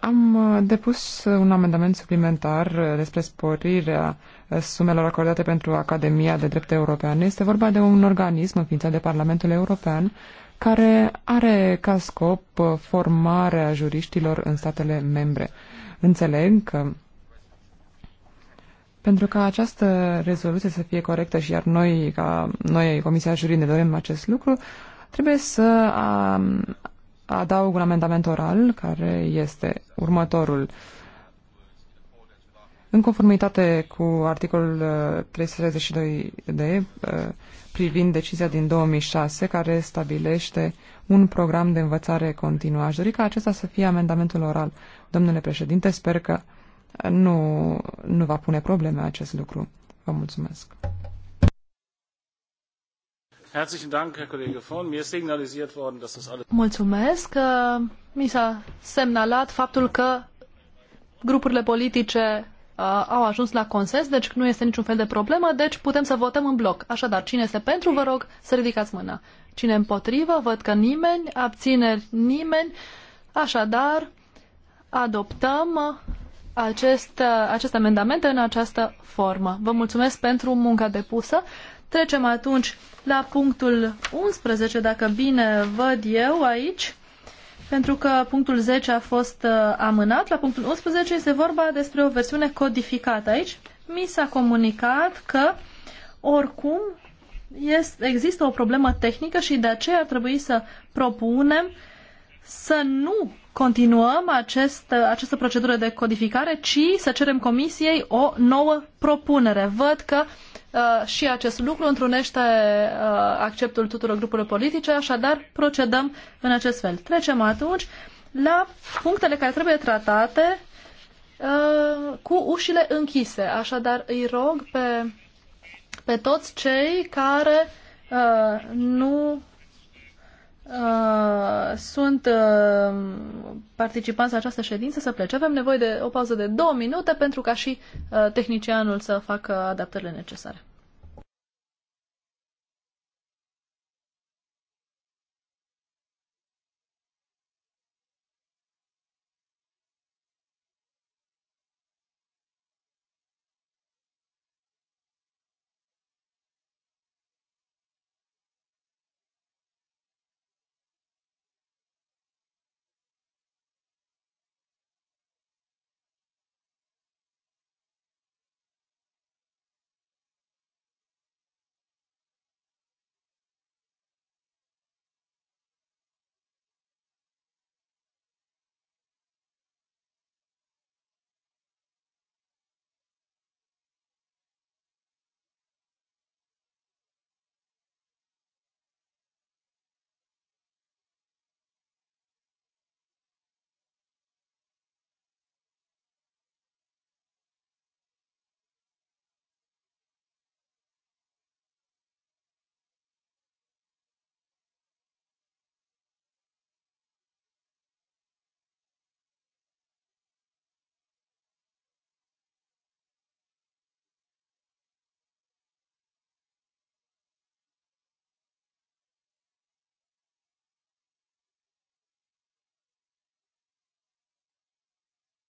am uh, depus un amendament suplimentar uh, despre sporirea uh, sumelor acordate pentru Academia de Drept European. Este vorba de un organism înființat de Parlamentul European care are ca scop formarea juriștilor în statele membre. Înțeleg că pentru ca această rezoluție să fie corectă și iar noi, ca noi, Comisia Jurii, ne dorim acest lucru, trebuie să adaug un amendament oral care este următorul. În conformitate cu articolul 362d uh, uh, privind decizia din 2006 care stabilește un program de învățare continuă, aș dori ca acesta să fie amendamentul oral. Domnule președinte, sper că nu, nu va pune probleme acest lucru. Vă mulțumesc. Mulțumesc. Mi s-a semnalat faptul că grupurile politice uh, au ajuns la consens, deci nu este niciun fel de problemă, deci putem să votăm în bloc. Așadar, cine este pentru, vă rog să ridicați mâna. Cine împotrivă, văd că nimeni, abțineri nimeni. Așadar, adoptăm acest, aceste amendament în această formă. Vă mulțumesc pentru munca depusă. Trecem atunci la punctul 11, dacă bine văd eu aici, pentru că punctul 10 a fost uh, amânat. La punctul 11 este vorba despre o versiune codificată aici. Mi s-a comunicat că oricum este, există o problemă tehnică și de aceea ar trebui să propunem să nu continuăm acest, această procedură de codificare, ci să cerem comisiei o nouă propunere. Văd că uh, și acest lucru întrunește uh, acceptul tuturor grupurilor politice, așadar procedăm în acest fel. Trecem atunci la punctele care trebuie tratate uh, cu ușile închise. Așadar îi rog pe, pe toți cei care uh, nu Uh, sunt uh, participanți la această ședință să plece. Avem nevoie de o pauză de două minute pentru ca și uh, tehnicianul să facă adaptările necesare.